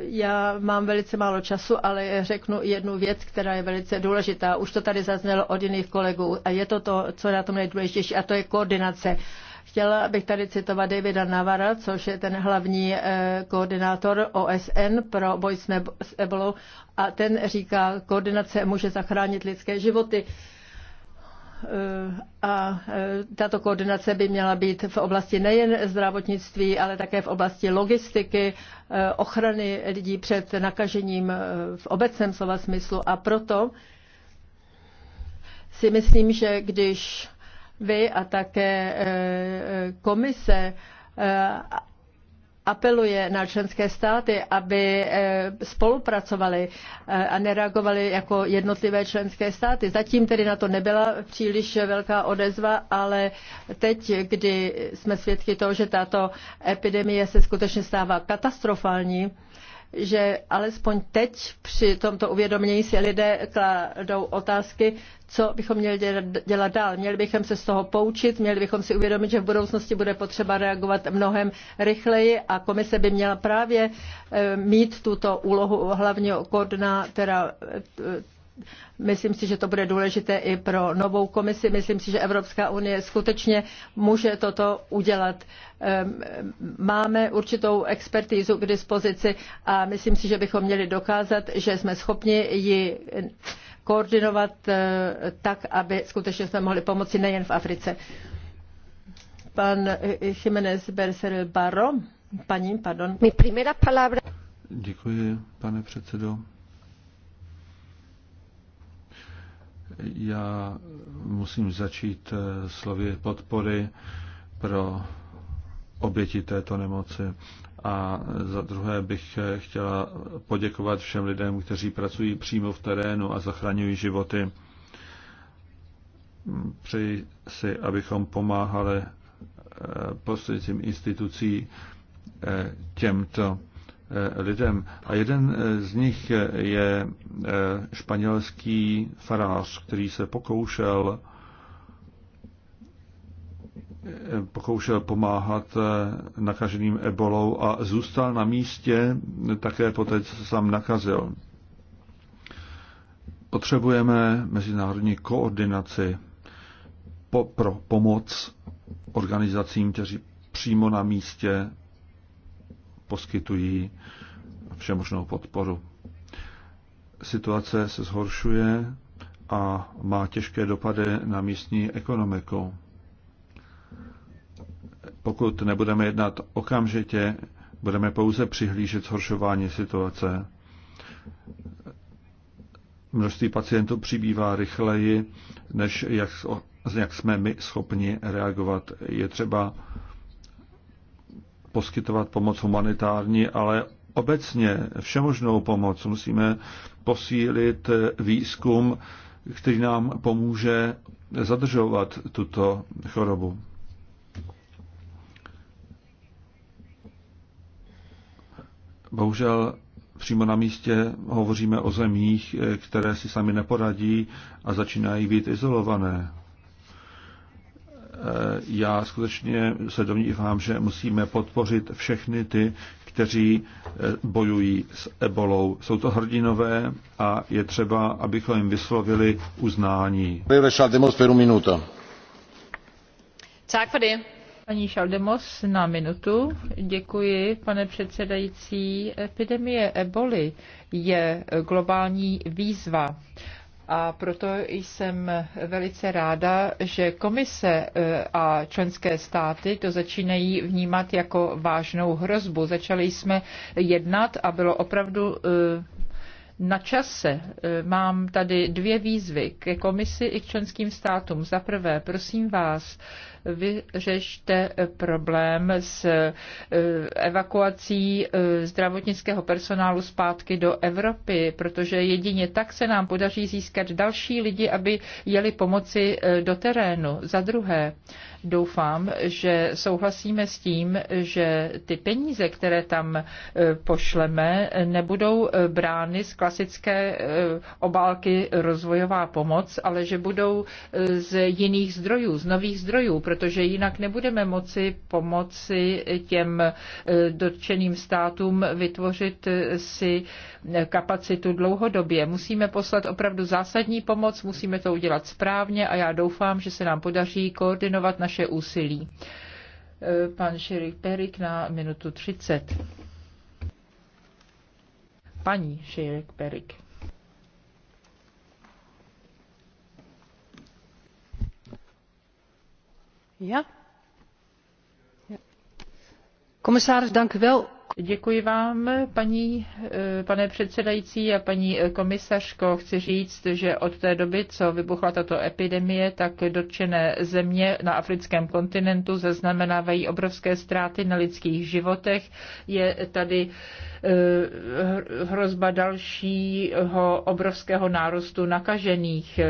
já mám velice málo času, ale řeknu jednu věc, která je velice důležitá. Už to tady zaznělo od jiných kolegů a je to to, co je na tom nejdůležitější, a to je koordinace. Chtěla bych tady citovat Davida Navara, což je ten hlavní eh, koordinátor OSN pro boj s ebolou a ten říká, koordinace může zachránit lidské životy eh, a eh, tato koordinace by měla být v oblasti nejen zdravotnictví, ale také v oblasti logistiky, ochrany lidí před nakažením v obecném slova smyslu. A proto si myslím, že když vy a také eh, eh, komise eh, apeluje na členské státy, aby spolupracovali a nereagovali jako jednotlivé členské státy. Zatím tedy na to nebyla příliš velká odezva, ale teď, kdy jsme svědky toho, že tato epidemie se skutečně stává katastrofální, že alespoň teď při tomto uvědomění si lidé kladou otázky, co bychom měli dělat dál. Měli bychom se z toho poučit, měli bychom si uvědomit, že v budoucnosti bude potřeba reagovat mnohem rychleji a komise by měla právě eh, mít tuto úlohu hlavního koordinátora Myslím si, že to bude důležité i pro novou komisi. Myslím si, že Evropská unie skutečně může toto udělat. Ehm, máme určitou expertízu k dispozici a myslím si, že bychom měli dokázat, že jsme schopni ji koordinovat eh, tak, aby skutečně jsme mohli pomoci nejen v Africe. Pan Jiménez Berser Barro, paní, pardon. Mi Děkuji, pane předsedo. Já musím začít eh, slovy podpory pro oběti této nemoci. A za druhé bych eh, chtěla poděkovat všem lidem, kteří pracují přímo v terénu a zachraňují životy. Přeji si, abychom pomáhali eh, prostřednictvím institucí těmto Eh, lidem. A jeden eh, z nich eh, je španělský farář, který se pokoušel pokoušel pomáhat nakaženým ebolou a zůstal na místě také poté, co se sám nakazil. Potřebujeme mezinárodní koordinaci po, pro pomoc organizacím, kteří přímo na místě poskytují všemožnou podporu. Situace se zhoršuje a má těžké dopady na místní ekonomiku. Pokud nebudeme jednat okamžitě, budeme pouze přihlížet zhoršování situace. Množství pacientů přibývá rychleji, než jak, jak jsme my schopni reagovat. Je třeba poskytovat pomoc humanitární, ale obecně všemožnou pomoc. Musíme posílit výzkum, který nám pomůže zadržovat tuto chorobu. Bohužel přímo na místě hovoříme o zemích, které si sami neporadí a začínají být izolované. Eh, já skutečně se domnívám, že musíme podpořit všechny ty, kteří eh, bojují s ebolou. Jsou to hrdinové a je třeba, abychom jim vyslovili uznání. Paní Šaldemos na minutu. Děkuji, pane předsedající. Epidemie eboli je globální výzva a proto jsem velice ráda, že komise e, a členské státy to začínají vnímat jako vážnou hrozbu. Začali jsme jednat a bylo opravdu e, na čase e, mám tady dvě výzvy ke komisi i k členským státům. Za prvé, prosím vás, vyřešte problém s eh, evakuací eh, zdravotnického personálu zpátky do Evropy, protože jedině tak se nám podaří získat další lidi, aby jeli pomoci eh, do terénu. Za druhé, doufám, že souhlasíme s tím, že ty peníze, které tam pošleme, nebudou brány z klasické obálky rozvojová pomoc, ale že budou z jiných zdrojů, z nových zdrojů, protože jinak nebudeme moci pomoci těm eh, dotčeným státům vytvořit eh, si eh, kapacitu dlouhodobě. Musíme poslat opravdu zásadní pomoc, musíme to udělat správně a já doufám, že se nám podaří koordinovat naše úsilí. Pan Šerik Perik na minutu 30. Paní Šerik Perik. Děkuji vám, eh, pane předsedající a paní eh, komisařko. Chci říct, že od té doby, co vybuchla tato epidemie, tak dotčené země na africkém kontinentu zaznamenávají obrovské ztráty na lidských životech. Je tady Eh, hrozba dalšího obrovského nárostu nakažených.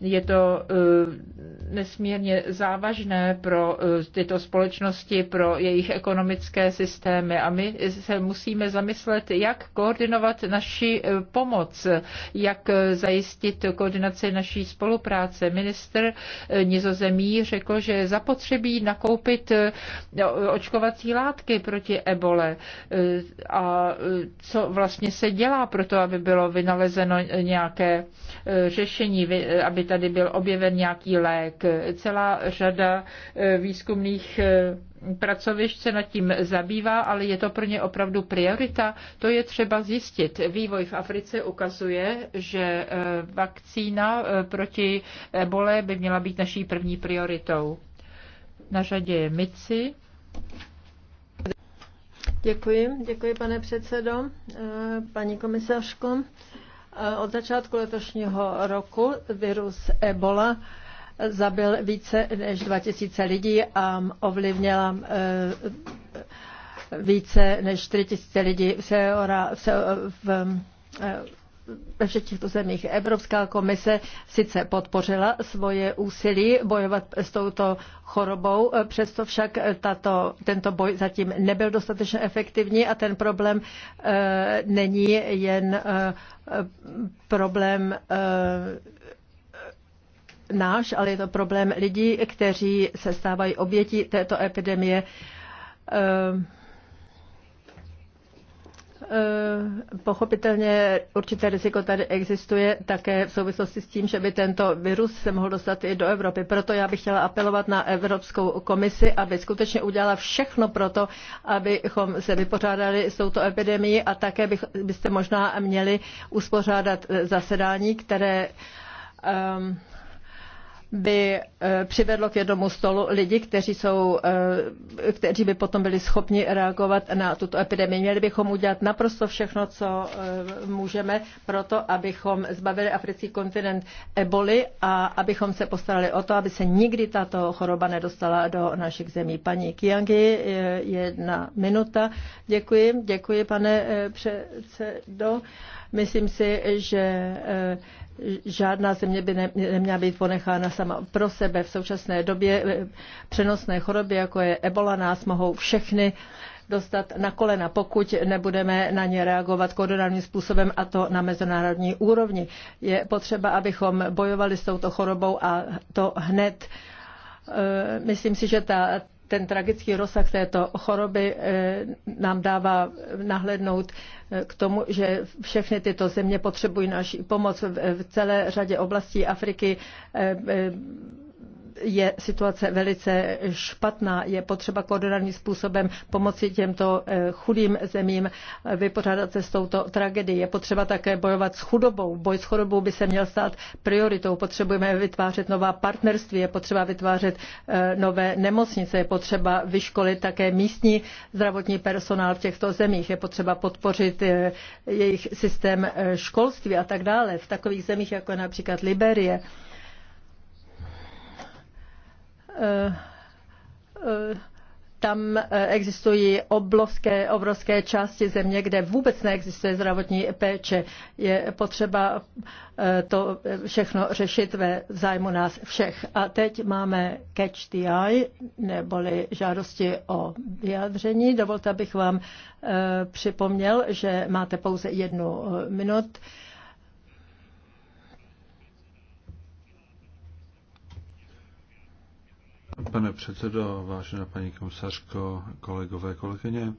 Je to eh, nesmírně závažné pro eh, tyto společnosti, pro jejich ekonomické systémy a my se musíme zamyslet, jak koordinovat naši pomoc, jak zajistit koordinaci naší spolupráce. Minister Nizozemí řekl, že zapotřebí nakoupit očkovací látky proti ebole a co vlastně se dělá pro to, aby bylo vynalezeno nějaké e, řešení, e, aby tady byl objeven nějaký lék. Celá řada e, výzkumných pracovišť se nad tím zabývá, ale je to pro ně opravdu priorita. To je třeba zjistit. Vývoj v Africe ukazuje, že vakcína proti ebole by měla být naší první prioritou. Na řadě je MICI. Děkuji, děkuji pane předsedo, eh, paní komisařko. Eh, od začátku letošního roku virus Ebola zabil více než 2000 lidí a ovlivnila eh, více než 4000 lidí v, Seora, v, v ve všech těchto zemích. Evropská komise sice podpořila svoje úsilí bojovat s touto chorobou, přesto však tato, tento boj zatím nebyl dostatečně efektivní a ten problém e, není jen e, problém e, náš, ale je to problém lidí, kteří se stávají obětí této epidemie. E, Eh, pochopitelně určité riziko tady existuje také v souvislosti s tím, že by tento virus se mohl dostat i do Evropy. Proto já bych chtěla apelovat na Evropskou komisi, aby skutečně udělala všechno pro to, abychom se vypořádali s touto epidemií a také bych, byste možná měli uspořádat eh, zasedání, které um, by eh, přivedlo k jednomu stolu lidi, kteří, jsou, eh, kteří by potom byli schopni reagovat na tuto epidemii. Měli bychom udělat naprosto všechno, co eh, můžeme pro to, abychom zbavili africký kontinent eboli a abychom se postarali o to, aby se nikdy tato choroba nedostala do našich zemí. Paní Kiangi, jedna minuta. Děkuji, děkuji, pane předsedo. Myslím si, že žádná země by neměla být ponechána sama pro sebe. V současné době eh, přenosné choroby, jako je ebola, nás mohou všechny dostat na kolena, pokud nebudeme na ně reagovat koordinárním způsobem a to na mezinárodní úrovni. Je potřeba, abychom bojovali s touto chorobou a to hned. Eh, myslím si, že ta ten tragický rozsah této choroby eh, nám dává nahlednout eh, k tomu, že všechny tyto země potřebují naši pomoc v celé řadě oblastí Afriky eh, je situace velice špatná. Je potřeba koordinovaným způsobem pomoci těmto eh, chudým zemím eh, vypořádat se s touto tragedií. Je potřeba také bojovat s chudobou. Boj s chudobou by se měl stát prioritou. Potřebujeme vytvářet nová partnerství, je potřeba vytvářet eh, nové nemocnice, je potřeba vyškolit také místní zdravotní personál v těchto zemích, je potřeba podpořit jejich systém školství a tak dále. V takových zemích, jako je například Liberie, Eh, eh, tam eh, existují obrovské, obrovské části země, kde vůbec neexistuje zdravotní péče. Je potřeba to všechno řešit ve zájmu nás všech. A teď máme catch the eye, neboli žádosti o vyjádření. Dovolte, abych vám připomněl, že máte pouze jednu minutu Pane předsedo, vážená paní komisařko, kolegové, kolegyně,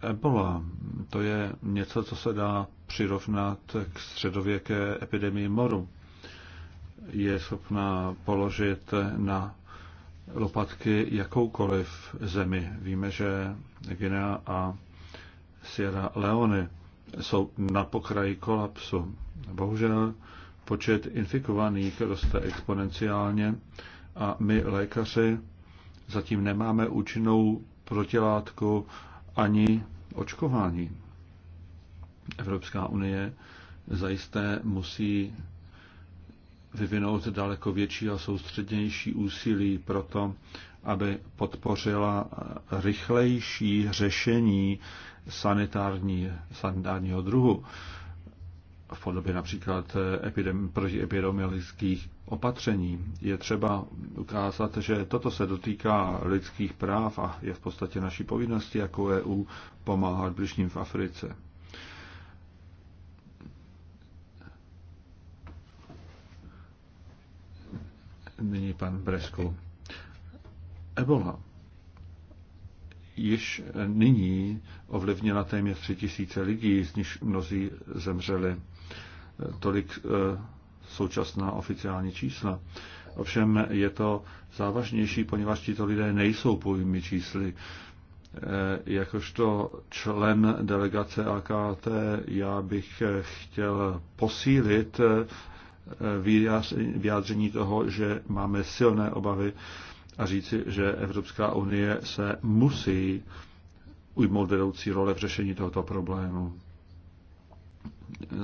Ebola, to je něco, co se dá přirovnat k středověké epidemii moru. Je schopná položit na lopatky jakoukoliv zemi. Víme, že Guinea a Sierra Leone jsou na pokraji kolapsu. Bohužel počet infikovaných roste exponenciálně a my lékaři zatím nemáme účinnou protilátku ani očkování. Evropská unie zajisté musí vyvinout daleko větší a soustřednější úsilí pro to, aby podpořila rychlejší řešení sanitární, sanitárního druhu v podobě například eh, epidem, protiepidemiologických opatření. Je třeba ukázat, že toto se dotýká lidských práv a je v podstatě naší povinnosti jako EU pomáhat bližním v Africe. Nyní pan Bresku. Ebola již nyní ovlivnila téměř tři tisíce lidí, z nich mnozí zemřeli tolik eh, současná oficiální čísla. Ovšem je to závažnější, poněvadž tito lidé nejsou pojmy čísly. Eh, jakožto člen delegace AKT já bych eh, chtěl posílit vyjádření toho, že máme silné obavy a říci, že Evropská unie se musí ujmout vedoucí role v řešení tohoto problému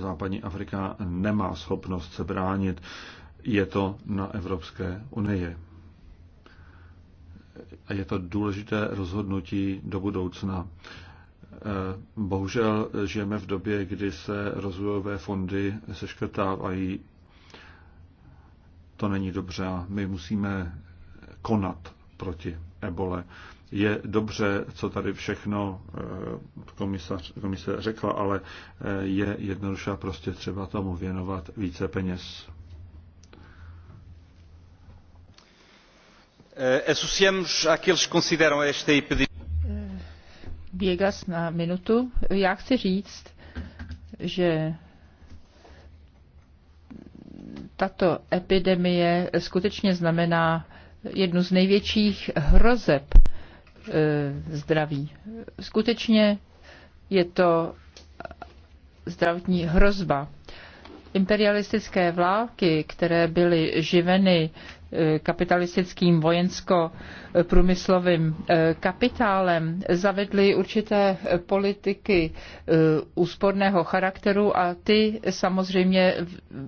západní Afrika nemá schopnost se bránit. Je to na Evropské unii. A je to důležité rozhodnutí do budoucna. Eh, bohužel žijeme v době, kdy se rozvojové fondy seškrtávají. To není dobře a my musíme konat proti ebole je dobře, co tady všechno eh, komisař, komise řekla, ale eh, je jednoduše prostě třeba tomu věnovat více peněz. Eh, Associamos àqueles que consideram esta epidemia. na minutu. Já chci říct, že tato epidemie skutečně znamená jednu z největších hrozeb E, zdraví. Skutečně je to zdravotní hrozba. Imperialistické vláky, které byly živeny e, kapitalistickým vojensko-průmyslovým e, kapitálem, zavedly určité politiky úsporného charakteru a ty samozřejmě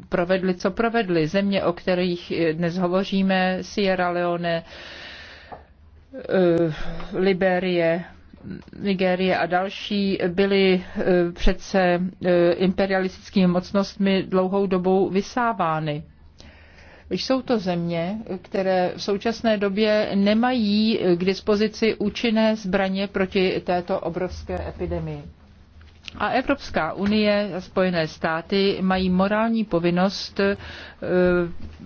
provedly, co provedly. Země, o kterých dnes hovoříme, Sierra Leone, Eh, Liberie, Nigérie a další byly eh, přece eh, imperialistickými mocnostmi dlouhou dobou vysávány. Jsou to země, které v současné době nemají k dispozici účinné zbraně proti této obrovské epidemii. A Evropská unie a Spojené státy mají morální povinnost e,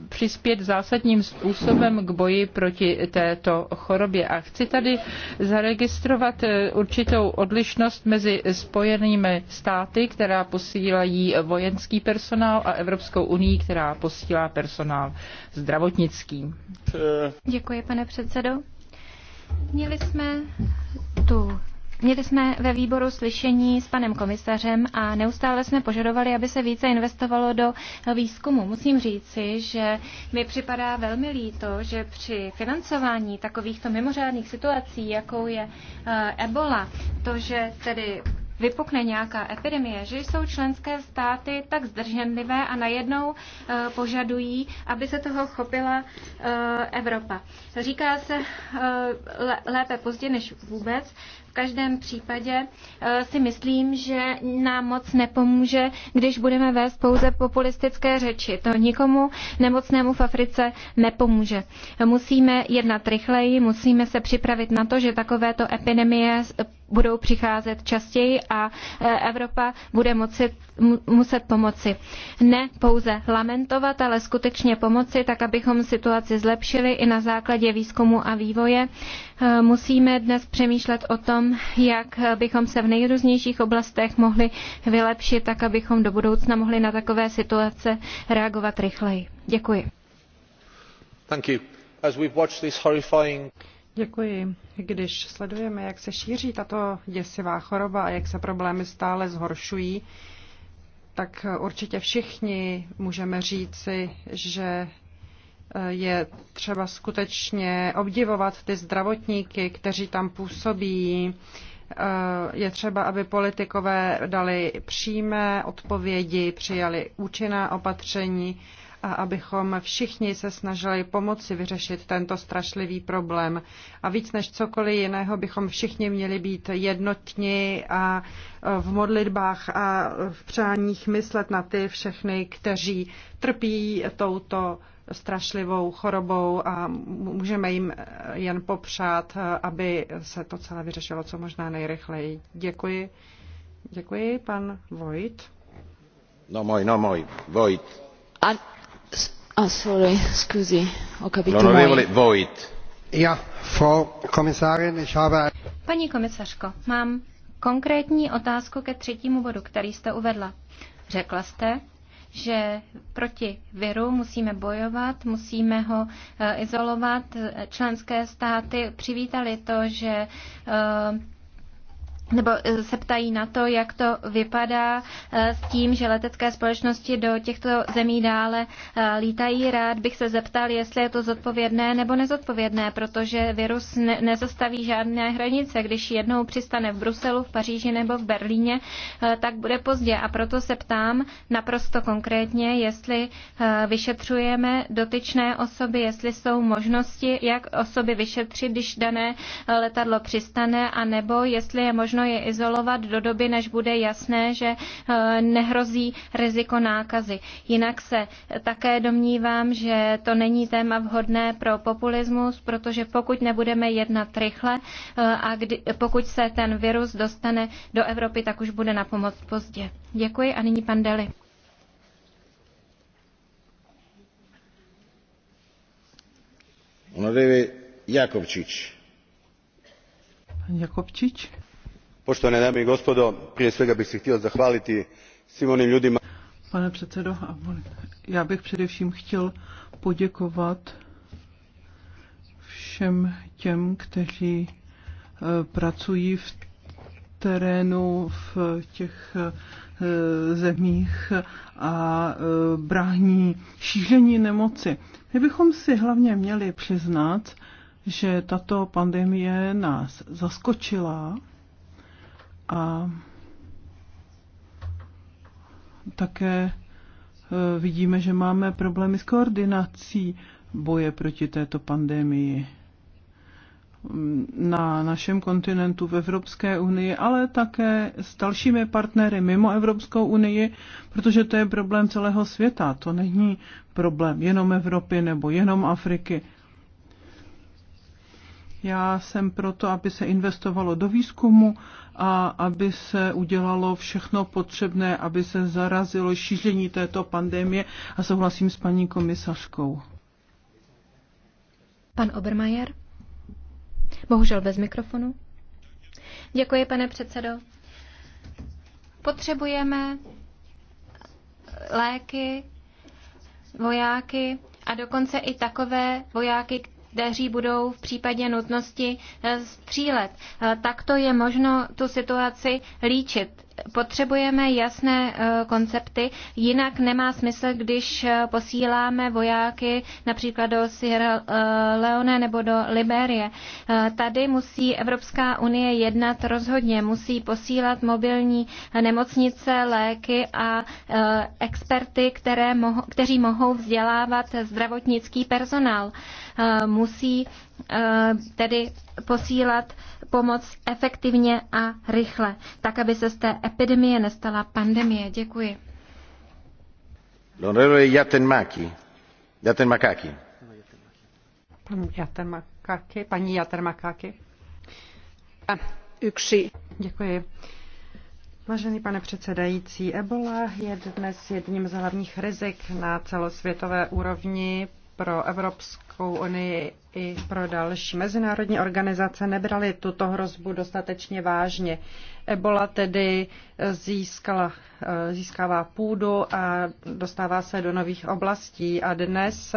přispět zásadním způsobem k boji proti této chorobě. A chci tady zaregistrovat e, určitou odlišnost mezi Spojenými státy, která posílají vojenský personál, a Evropskou unii, která posílá personál zdravotnický. Děkuji, pane předsedo. Měli jsme tu Měli jsme ve výboru slyšení s panem komisařem a neustále jsme požadovali, aby se více investovalo do výzkumu. Musím říci, že mi připadá velmi líto, že při financování takovýchto mimořádných situací, jakou je eh, ebola, to, že tedy vypukne nějaká epidemie, že jsou členské státy tak zdrženlivé a najednou e, požadují, aby se toho chopila e, Evropa. Říká se e, lépe pozdě než vůbec v každém případě eh, si myslím, že nám moc nepomůže, když budeme vést pouze populistické řeči. To nikomu nemocnému v Africe nepomůže. Musíme jednat rychleji, musíme se připravit na to, že takovéto epidemie budou přicházet častěji a e, Evropa bude moci, muset pomoci. Ne pouze lamentovat, ale skutečně pomoci, tak abychom situaci zlepšili i na základě výzkumu a vývoje. E, musíme dnes přemýšlet o tom, jak bychom se v nejrůznějších oblastech mohli vylepšit, tak abychom do budoucna mohli na takové situace reagovat rychleji. Děkuji. Thank you. As we've watched this horrifying... Děkuji. Když sledujeme, jak se šíří tato děsivá choroba a jak se problémy stále zhoršují, tak určitě všichni můžeme říci, že eh, je třeba skutečně obdivovat ty zdravotníky, kteří tam působí. Eh, je třeba, aby politikové dali přímé odpovědi, přijali účinná opatření a abychom všichni se snažili pomoci vyřešit tento strašlivý problém. A víc než cokoliv jiného bychom všichni měli být jednotní a e, v modlitbách a v přáních myslet na ty všechny, kteří trpí touto strašlivou chorobou a můžeme jim e, jen popřát, e, aby se to celé vyřešilo co možná nejrychleji. Děkuji. Děkuji, pan Vojt. No můj, no můj, Vojt. A Ah, Paní komisařko, mám konkrétní otázku ke třetímu bodu, který jste uvedla. Řekla jste, že proti viru musíme bojovat, musíme ho eh, izolovat. Členské státy přivítali to, že eh, nebo eh, se ptají na to, jak to vypadá eh, s tím, že letecké společnosti do těchto zemí dále eh, lítají. Rád bych se zeptal, jestli je to zodpovědné nebo nezodpovědné, protože virus ne- nezastaví žádné hranice. Když jednou přistane v Bruselu, v Paříži nebo v Berlíně, tak bude pozdě. A proto se ptám naprosto konkrétně, jestli vyšetřujeme dotyčné osoby, jestli jsou možnosti, jak osoby vyšetřit, když dané letadlo přistane, anebo jestli je možnost možno je izolovat do doby, než bude jasné, že eh, nehrozí riziko nákazy. Jinak se také domnívám, že to není téma vhodné pro populismus, protože pokud nebudeme jednat rychle eh, a kdy, pokud se ten virus dostane do Evropy, tak už bude na pomoc pozdě. Děkuji a nyní pan Deli. Honorevole Jakovčič. Pan Jakovčič poštovane dame i gospodo prije svega bih se htio zahvaliti svim onim ljudima Pane předsedo, já bych především chtěl poděkovat všem těm, kteří eh, pracují v terénu v těch eh, zemích a eh, brání šíření nemoci. My bychom si hlavně měli přiznat, že tato pandemie nás zaskočila a také e, vidíme, že máme problémy s koordinací boje proti této pandemii na našem kontinentu v Evropské unii, ale také s dalšími partnery mimo Evropskou unii, protože to je problém celého světa. To není problém jenom Evropy nebo jenom Afriky. Já jsem proto, aby se investovalo do výzkumu, a aby se udělalo všechno potřebné, aby se zarazilo šíření této pandemie a souhlasím s paní komisařkou. Pan Obermajer? Bohužel bez mikrofonu. Děkuji, pane předsedo. Potřebujeme léky, vojáky a dokonce i takové vojáky, kteří budou v případě nutnosti eh, střílet. Eh, takto je možno tu situaci líčit potřebujeme jasné eh, koncepty, jinak nemá smysl, když eh, posíláme vojáky například do Sierra eh, Leone nebo do Liberie. Tady musí Evropská unie jednat rozhodně, musí posílat mobilní nemocnice, léky a experty, které mohou, kteří mohou vzdělávat zdravotnický personál. Musí Eh, tedy posílat pomoc efektivně a rychle, tak aby se z té epidemie nestala pandemie. Děkuji. L'onorevole Jatenmaki. Jatenmakaki. Pan Jatenmakaki, paní Jatenmakaki. Yksi. Děkuji. Vážený pane předsedající, Ebola je dnes jedním z hlavních rizik na celosvětové úrovni pro Evropskou unii i pro další mezinárodní organizace nebrali tuto hrozbu dostatečně vážně. Ebola tedy získala, eh, získává půdu a dostává se do nových oblastí a dnes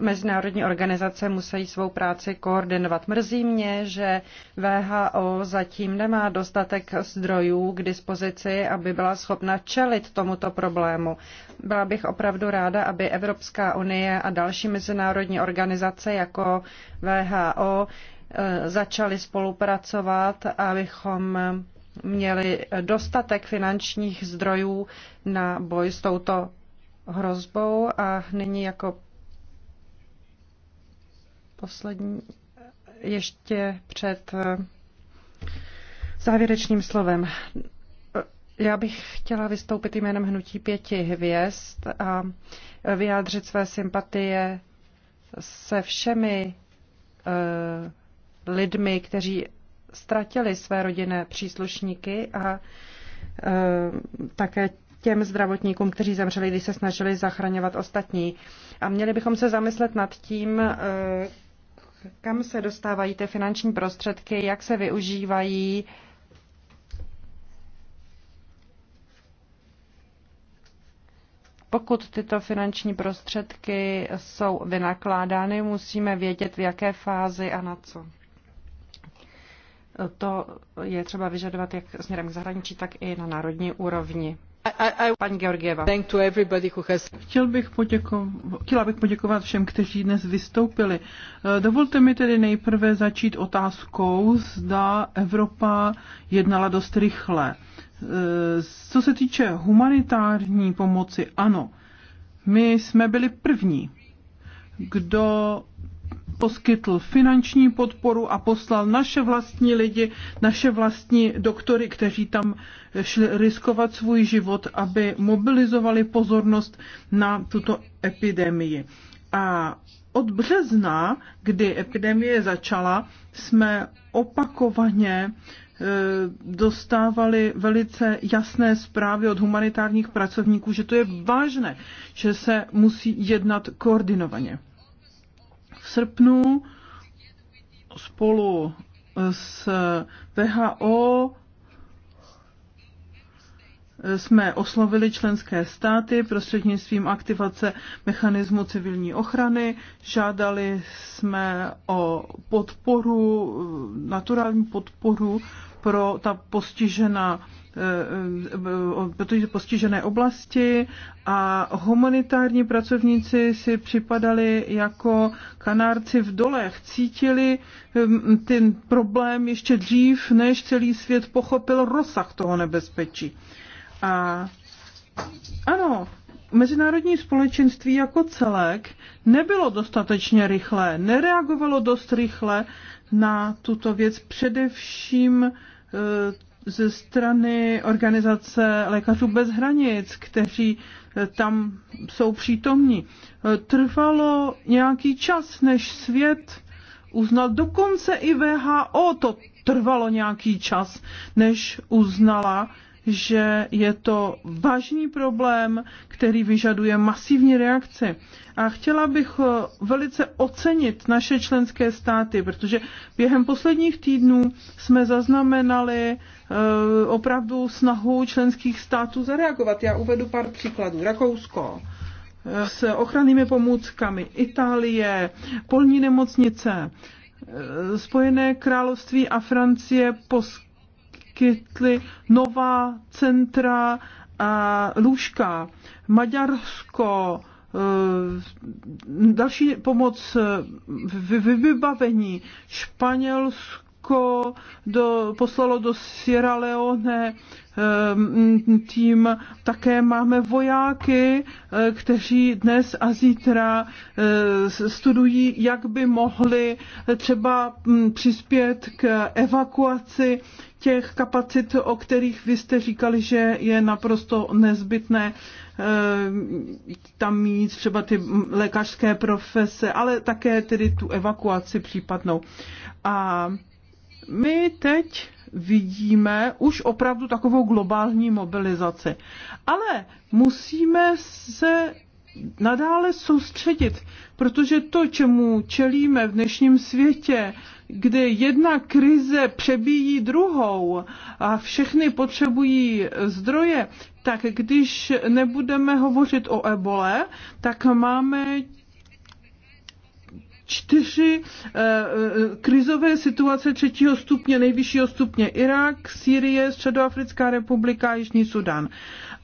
mezinárodní organizace musí svou práci koordinovat. Mrzí mě, že VHO zatím nemá dostatek zdrojů k dispozici, aby byla schopna čelit tomuto problému. Byla bych opravdu ráda, aby Evropská unie a další mezinárodní organizace jako VHO eh, začali spolupracovat, abychom měli dostatek finančních zdrojů na boj s touto hrozbou. A nyní jako poslední ještě před eh, závěrečným slovem. Eh, já bych chtěla vystoupit jménem Hnutí pěti hvězd a vyjádřit své sympatie se všemi eh, lidmi, kteří ztratili své rodinné příslušníky a eh, také těm zdravotníkům, kteří zemřeli, když se snažili zachraňovat ostatní. A měli bychom se zamyslet nad tím, eh, kam se dostávají ty finanční prostředky, jak se využívají Pokud tyto finanční prostředky jsou vynakládány, musíme vědět, v jaké fázi a na co. To je třeba vyžadovat jak směrem k zahraničí, tak i na národní úrovni. Paní Georgieva. Chtěl bych poděko, chtěla bych poděkovat všem, kteří dnes vystoupili. Eh, dovolte mi tedy nejprve začít otázkou, zda Evropa jednala dost rychle. Eh, co se týče humanitární pomoci, ano, my jsme byli první, kdo poskytl finanční podporu a poslal naše vlastní lidi, naše vlastní doktory, kteří tam šli riskovat svůj život, aby mobilizovali pozornost na tuto epidemii. A od března, kdy epidemie začala, jsme opakovaně Eh, dostávali velice jasné zprávy od humanitárních pracovníků, že to je vážné, že se musí jednat koordinovaně. V srpnu spolu s VHO jsme oslovili členské státy prostřednictvím aktivace mechanismu civilní ochrany. Žádali jsme o podporu, naturální podporu pro ta postižená protože eh, eh, postižené oblasti a humanitární pracovníci si připadali jako kanárci v dolech, cítili hm, ten problém ještě dřív, než celý svět pochopil rozsah toho nebezpečí. A ano, mezinárodní společenství jako celek nebylo dostatečně rychlé, nereagovalo dost rychle na tuto věc, především e, ze strany organizace Lékařů bez hranic, kteří e, tam jsou přítomní. E, trvalo nějaký čas, než svět uznal, dokonce i VHO to trvalo nějaký čas, než uznala že je to vážný problém, který vyžaduje masivní reakci. A chtěla bych eh, velice ocenit naše členské státy, protože během posledních týdnů jsme zaznamenali eh, opravdu snahu členských států zareagovat. Já uvedu pár příkladů. Rakousko eh, s ochrannými pomůckami, Itálie, polní nemocnice, Spojené království a Francie pos- vyskytly nová centra a lůžka. Maďarsko, eh, další pomoc eh, v vybavení, Španělsko do, poslalo do Sierra Leone Ehm, tím také máme vojáky, eh, kteří dnes a zítra eh, studují, jak by mohli třeba hm, přispět k evakuaci těch kapacit, o kterých vy jste říkali, že je naprosto nezbytné ehm, tam mít třeba ty hm, lékařské profese, ale také tedy tu evakuaci případnou. A my teď vidíme už opravdu takovou globální mobilizaci. Ale musíme se nadále soustředit, protože to, čemu čelíme v dnešním světě, kdy jedna krize přebíjí druhou a všechny potřebují zdroje, tak když nebudeme hovořit o ebole, tak máme čtyři eh, eh, krizové situace třetího stupně, nejvyššího stupně Irák, Sýrie, Středoafrická republika a Jižní Sudan.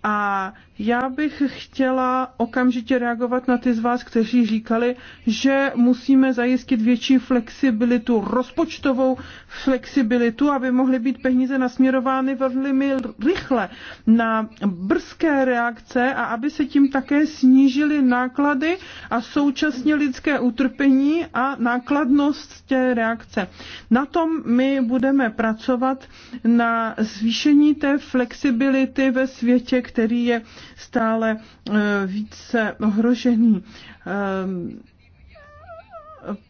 A já bych chtěla okamžitě reagovat na ty z vás, kteří říkali, že musíme zajistit větší flexibilitu, rozpočtovou flexibilitu, aby mohly být peníze nasměrovány velmi rychle na brzké reakce a aby se tím také snížily náklady a současně lidské utrpení a nákladnost té reakce. Na tom my budeme pracovat na zvýšení té flexibility ve světě, který je stále eh, více ohrožený. Ehm,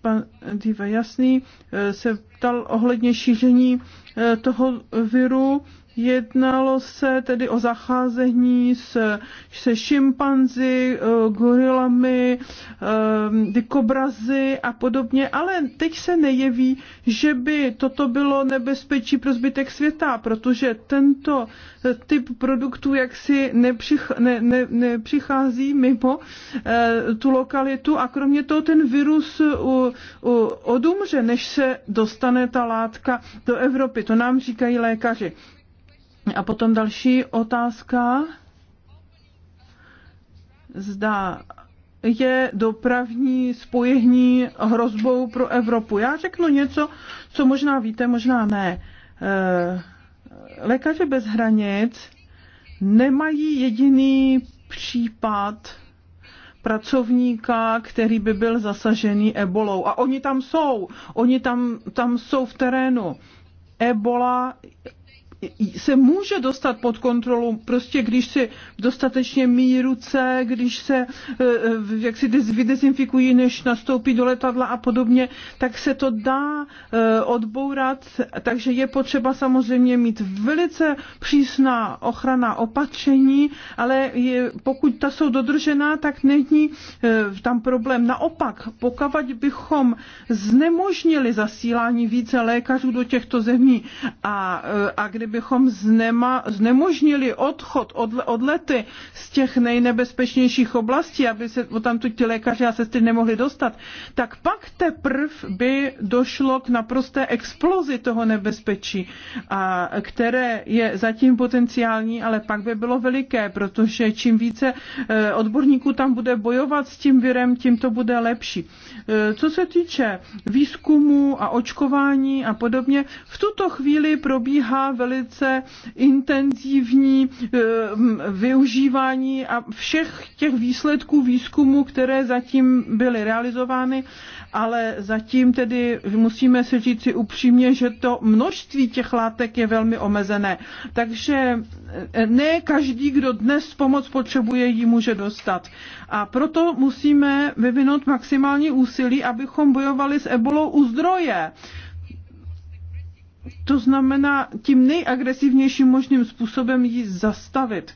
pan Diva Jasný eh, se ptal ohledně šíření eh, toho viru Jednalo se tedy o zacházení s, se šimpanzi, eh, gorilami, eh, dikobrazy a podobně, ale teď se nejeví, že by toto bylo nebezpečí pro zbytek světa, protože tento typ produktů jaksi nepřich, ne, ne, nepřichází mimo eh, tu lokalitu a kromě toho ten virus u, u, odumře, než se dostane ta látka do Evropy. To nám říkají lékaři. A potom další otázka. Zda je dopravní spojení hrozbou pro Evropu. Já řeknu něco, co možná víte, možná ne. Eh, lékaři bez hranic nemají jediný případ pracovníka, který by byl zasažený ebolou. A oni tam jsou, oni tam, tam jsou v terénu. Ebola se může dostat pod kontrolu, prostě když si dostatečně míjí ruce, když se eh, eh, jak si vydezinfikují, než nastoupí do letadla a podobně, tak se to dá eh, odbourat, takže je potřeba samozřejmě mít velice přísná ochrana opatření, ale je, pokud ta jsou dodržená, tak není tam problém. Naopak, pokud bychom znemožnili zasílání více lékařů do těchto zemí a, a kdyby bychom znema, znemožnili odchod, od, odlety z těch nejnebezpečnějších oblastí, aby se tam tu ti lékaři a sestry nemohli dostat, tak pak teprv by došlo k naprosté explozi toho nebezpečí, a, které je zatím potenciální, ale pak by bylo veliké, protože čím více e, odborníků tam bude bojovat s tím virem, tím to bude lepší. E, co se týče výzkumu a očkování a podobně, v tuto chvíli probíhá veli velice intenzivní eh, využívání a všech těch výsledků výzkumu, které zatím byly realizovány, ale zatím tedy musíme si říct si upřímně, že to množství těch látek je velmi omezené. Takže eh, ne každý, kdo dnes pomoc potřebuje, ji může dostat. A proto musíme vyvinout maximální úsilí, abychom bojovali s ebolou u zdroje to znamená tím nejagresivnějším možným způsobem ji zastavit.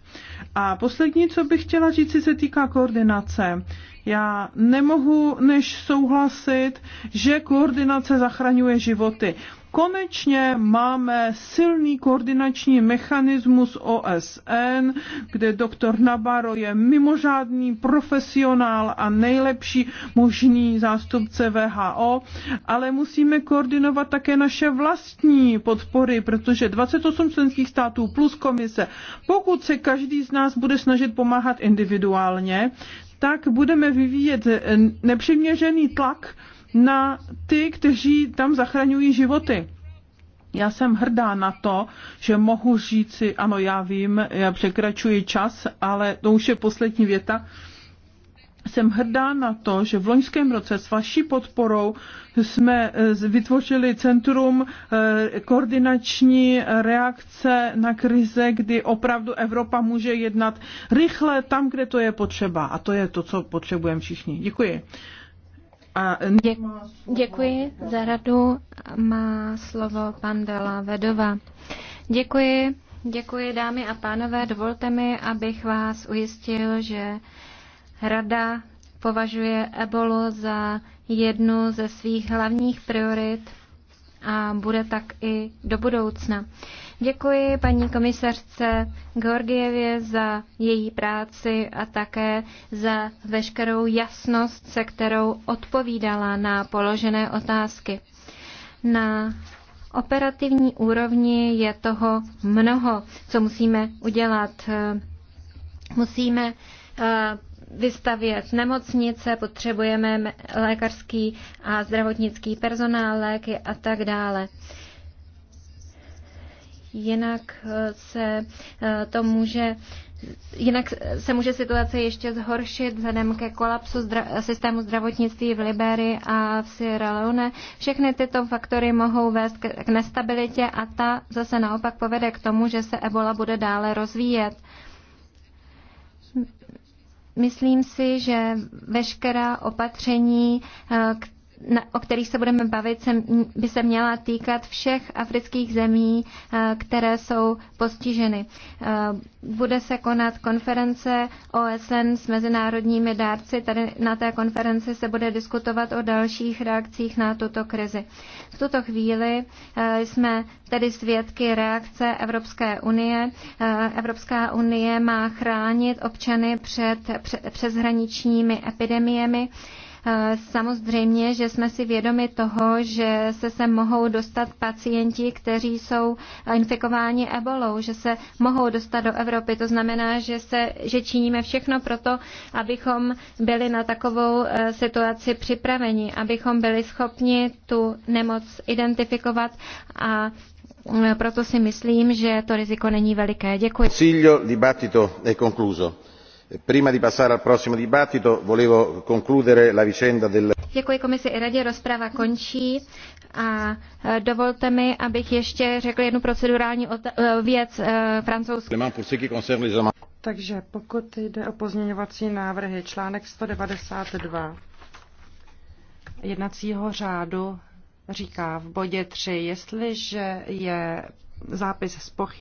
A poslední, co bych chtěla říct, se týká koordinace. Já nemohu než souhlasit, že koordinace zachraňuje životy konečně máme silný koordinační mechanismus OSN, kde doktor Nabaro je mimořádný profesionál a nejlepší možný zástupce VHO, ale musíme koordinovat také naše vlastní podpory, protože 28 členských států plus komise, pokud se každý z nás bude snažit pomáhat individuálně, tak budeme vyvíjet nepřiměřený tlak na ty, kteří tam zachraňují životy. Já jsem hrdá na to, že mohu si. ano, já vím, já překračuji čas, ale to už je poslední věta. Jsem hrdá na to, že v loňském roce s vaší podporou jsme eh, vytvořili Centrum eh, koordinační reakce na krize, kdy opravdu Evropa může jednat rychle tam, kde to je potřeba. A to je to, co potřebujeme všichni. Děkuji. Děkuji za radu. Má slovo pan Dela Vedova. Děkuji, děkuji dámy a pánové. Dovolte mi, abych vás ujistil, že rada považuje ebolu za jednu ze svých hlavních priorit a bude tak i do budoucna. Děkuji paní komisařce Georgievě za její práci a také za veškerou jasnost, se kterou odpovídala na položené otázky. Na operativní úrovni je toho mnoho, co musíme udělat. Musíme eh, vystavět nemocnice, potřebujeme lékařský a zdravotnický personál, léky a tak dále jinak eh, se eh, to může Jinak se může situace ještě zhoršit vzhledem ke kolapsu zdra- systému zdravotnictví v Liberii a v Sierra Leone. Všechny tyto faktory mohou vést k nestabilitě a ta zase naopak povede k tomu, že se ebola bude dále rozvíjet. Myslím si, že veškerá opatření, eh, k o kterých se budeme bavit, by se měla týkat všech afrických zemí, eh, které jsou postiženy. Eh, bude se konat konference OSN s mezinárodními dárci. Tady na té konferenci se bude diskutovat o dalších reakcích na tuto krizi. V tuto chvíli eh, jsme tedy svědky reakce Evropské unie. Evropská unie má chránit občany před přeshraničními epidemiemi. Samozřejmě, že jsme si vědomi toho, že se sem mohou dostat pacienti, kteří jsou infikováni ebolou, že se mohou dostat do Evropy. To znamená, že, se, že činíme všechno proto, abychom byli na takovou eh, situaci připraveni, abychom byli schopni tu nemoc identifikovat a eh, proto si myslím, že to riziko není veliké. Děkuji. Silio, dibattito è concluso. E, prima di passare al prossimo dibattito volevo concludere la vicenda del. děkuji komisi i radě rozprava končí a e, dovolte mi abych ještě řekl jednu procedurální e, věc francouzskou. takže pokud jde o pozměňovací návrhy článek sto devadesát dva jednacího řádu říká v bodě tři jestliže je zápis zpochybněn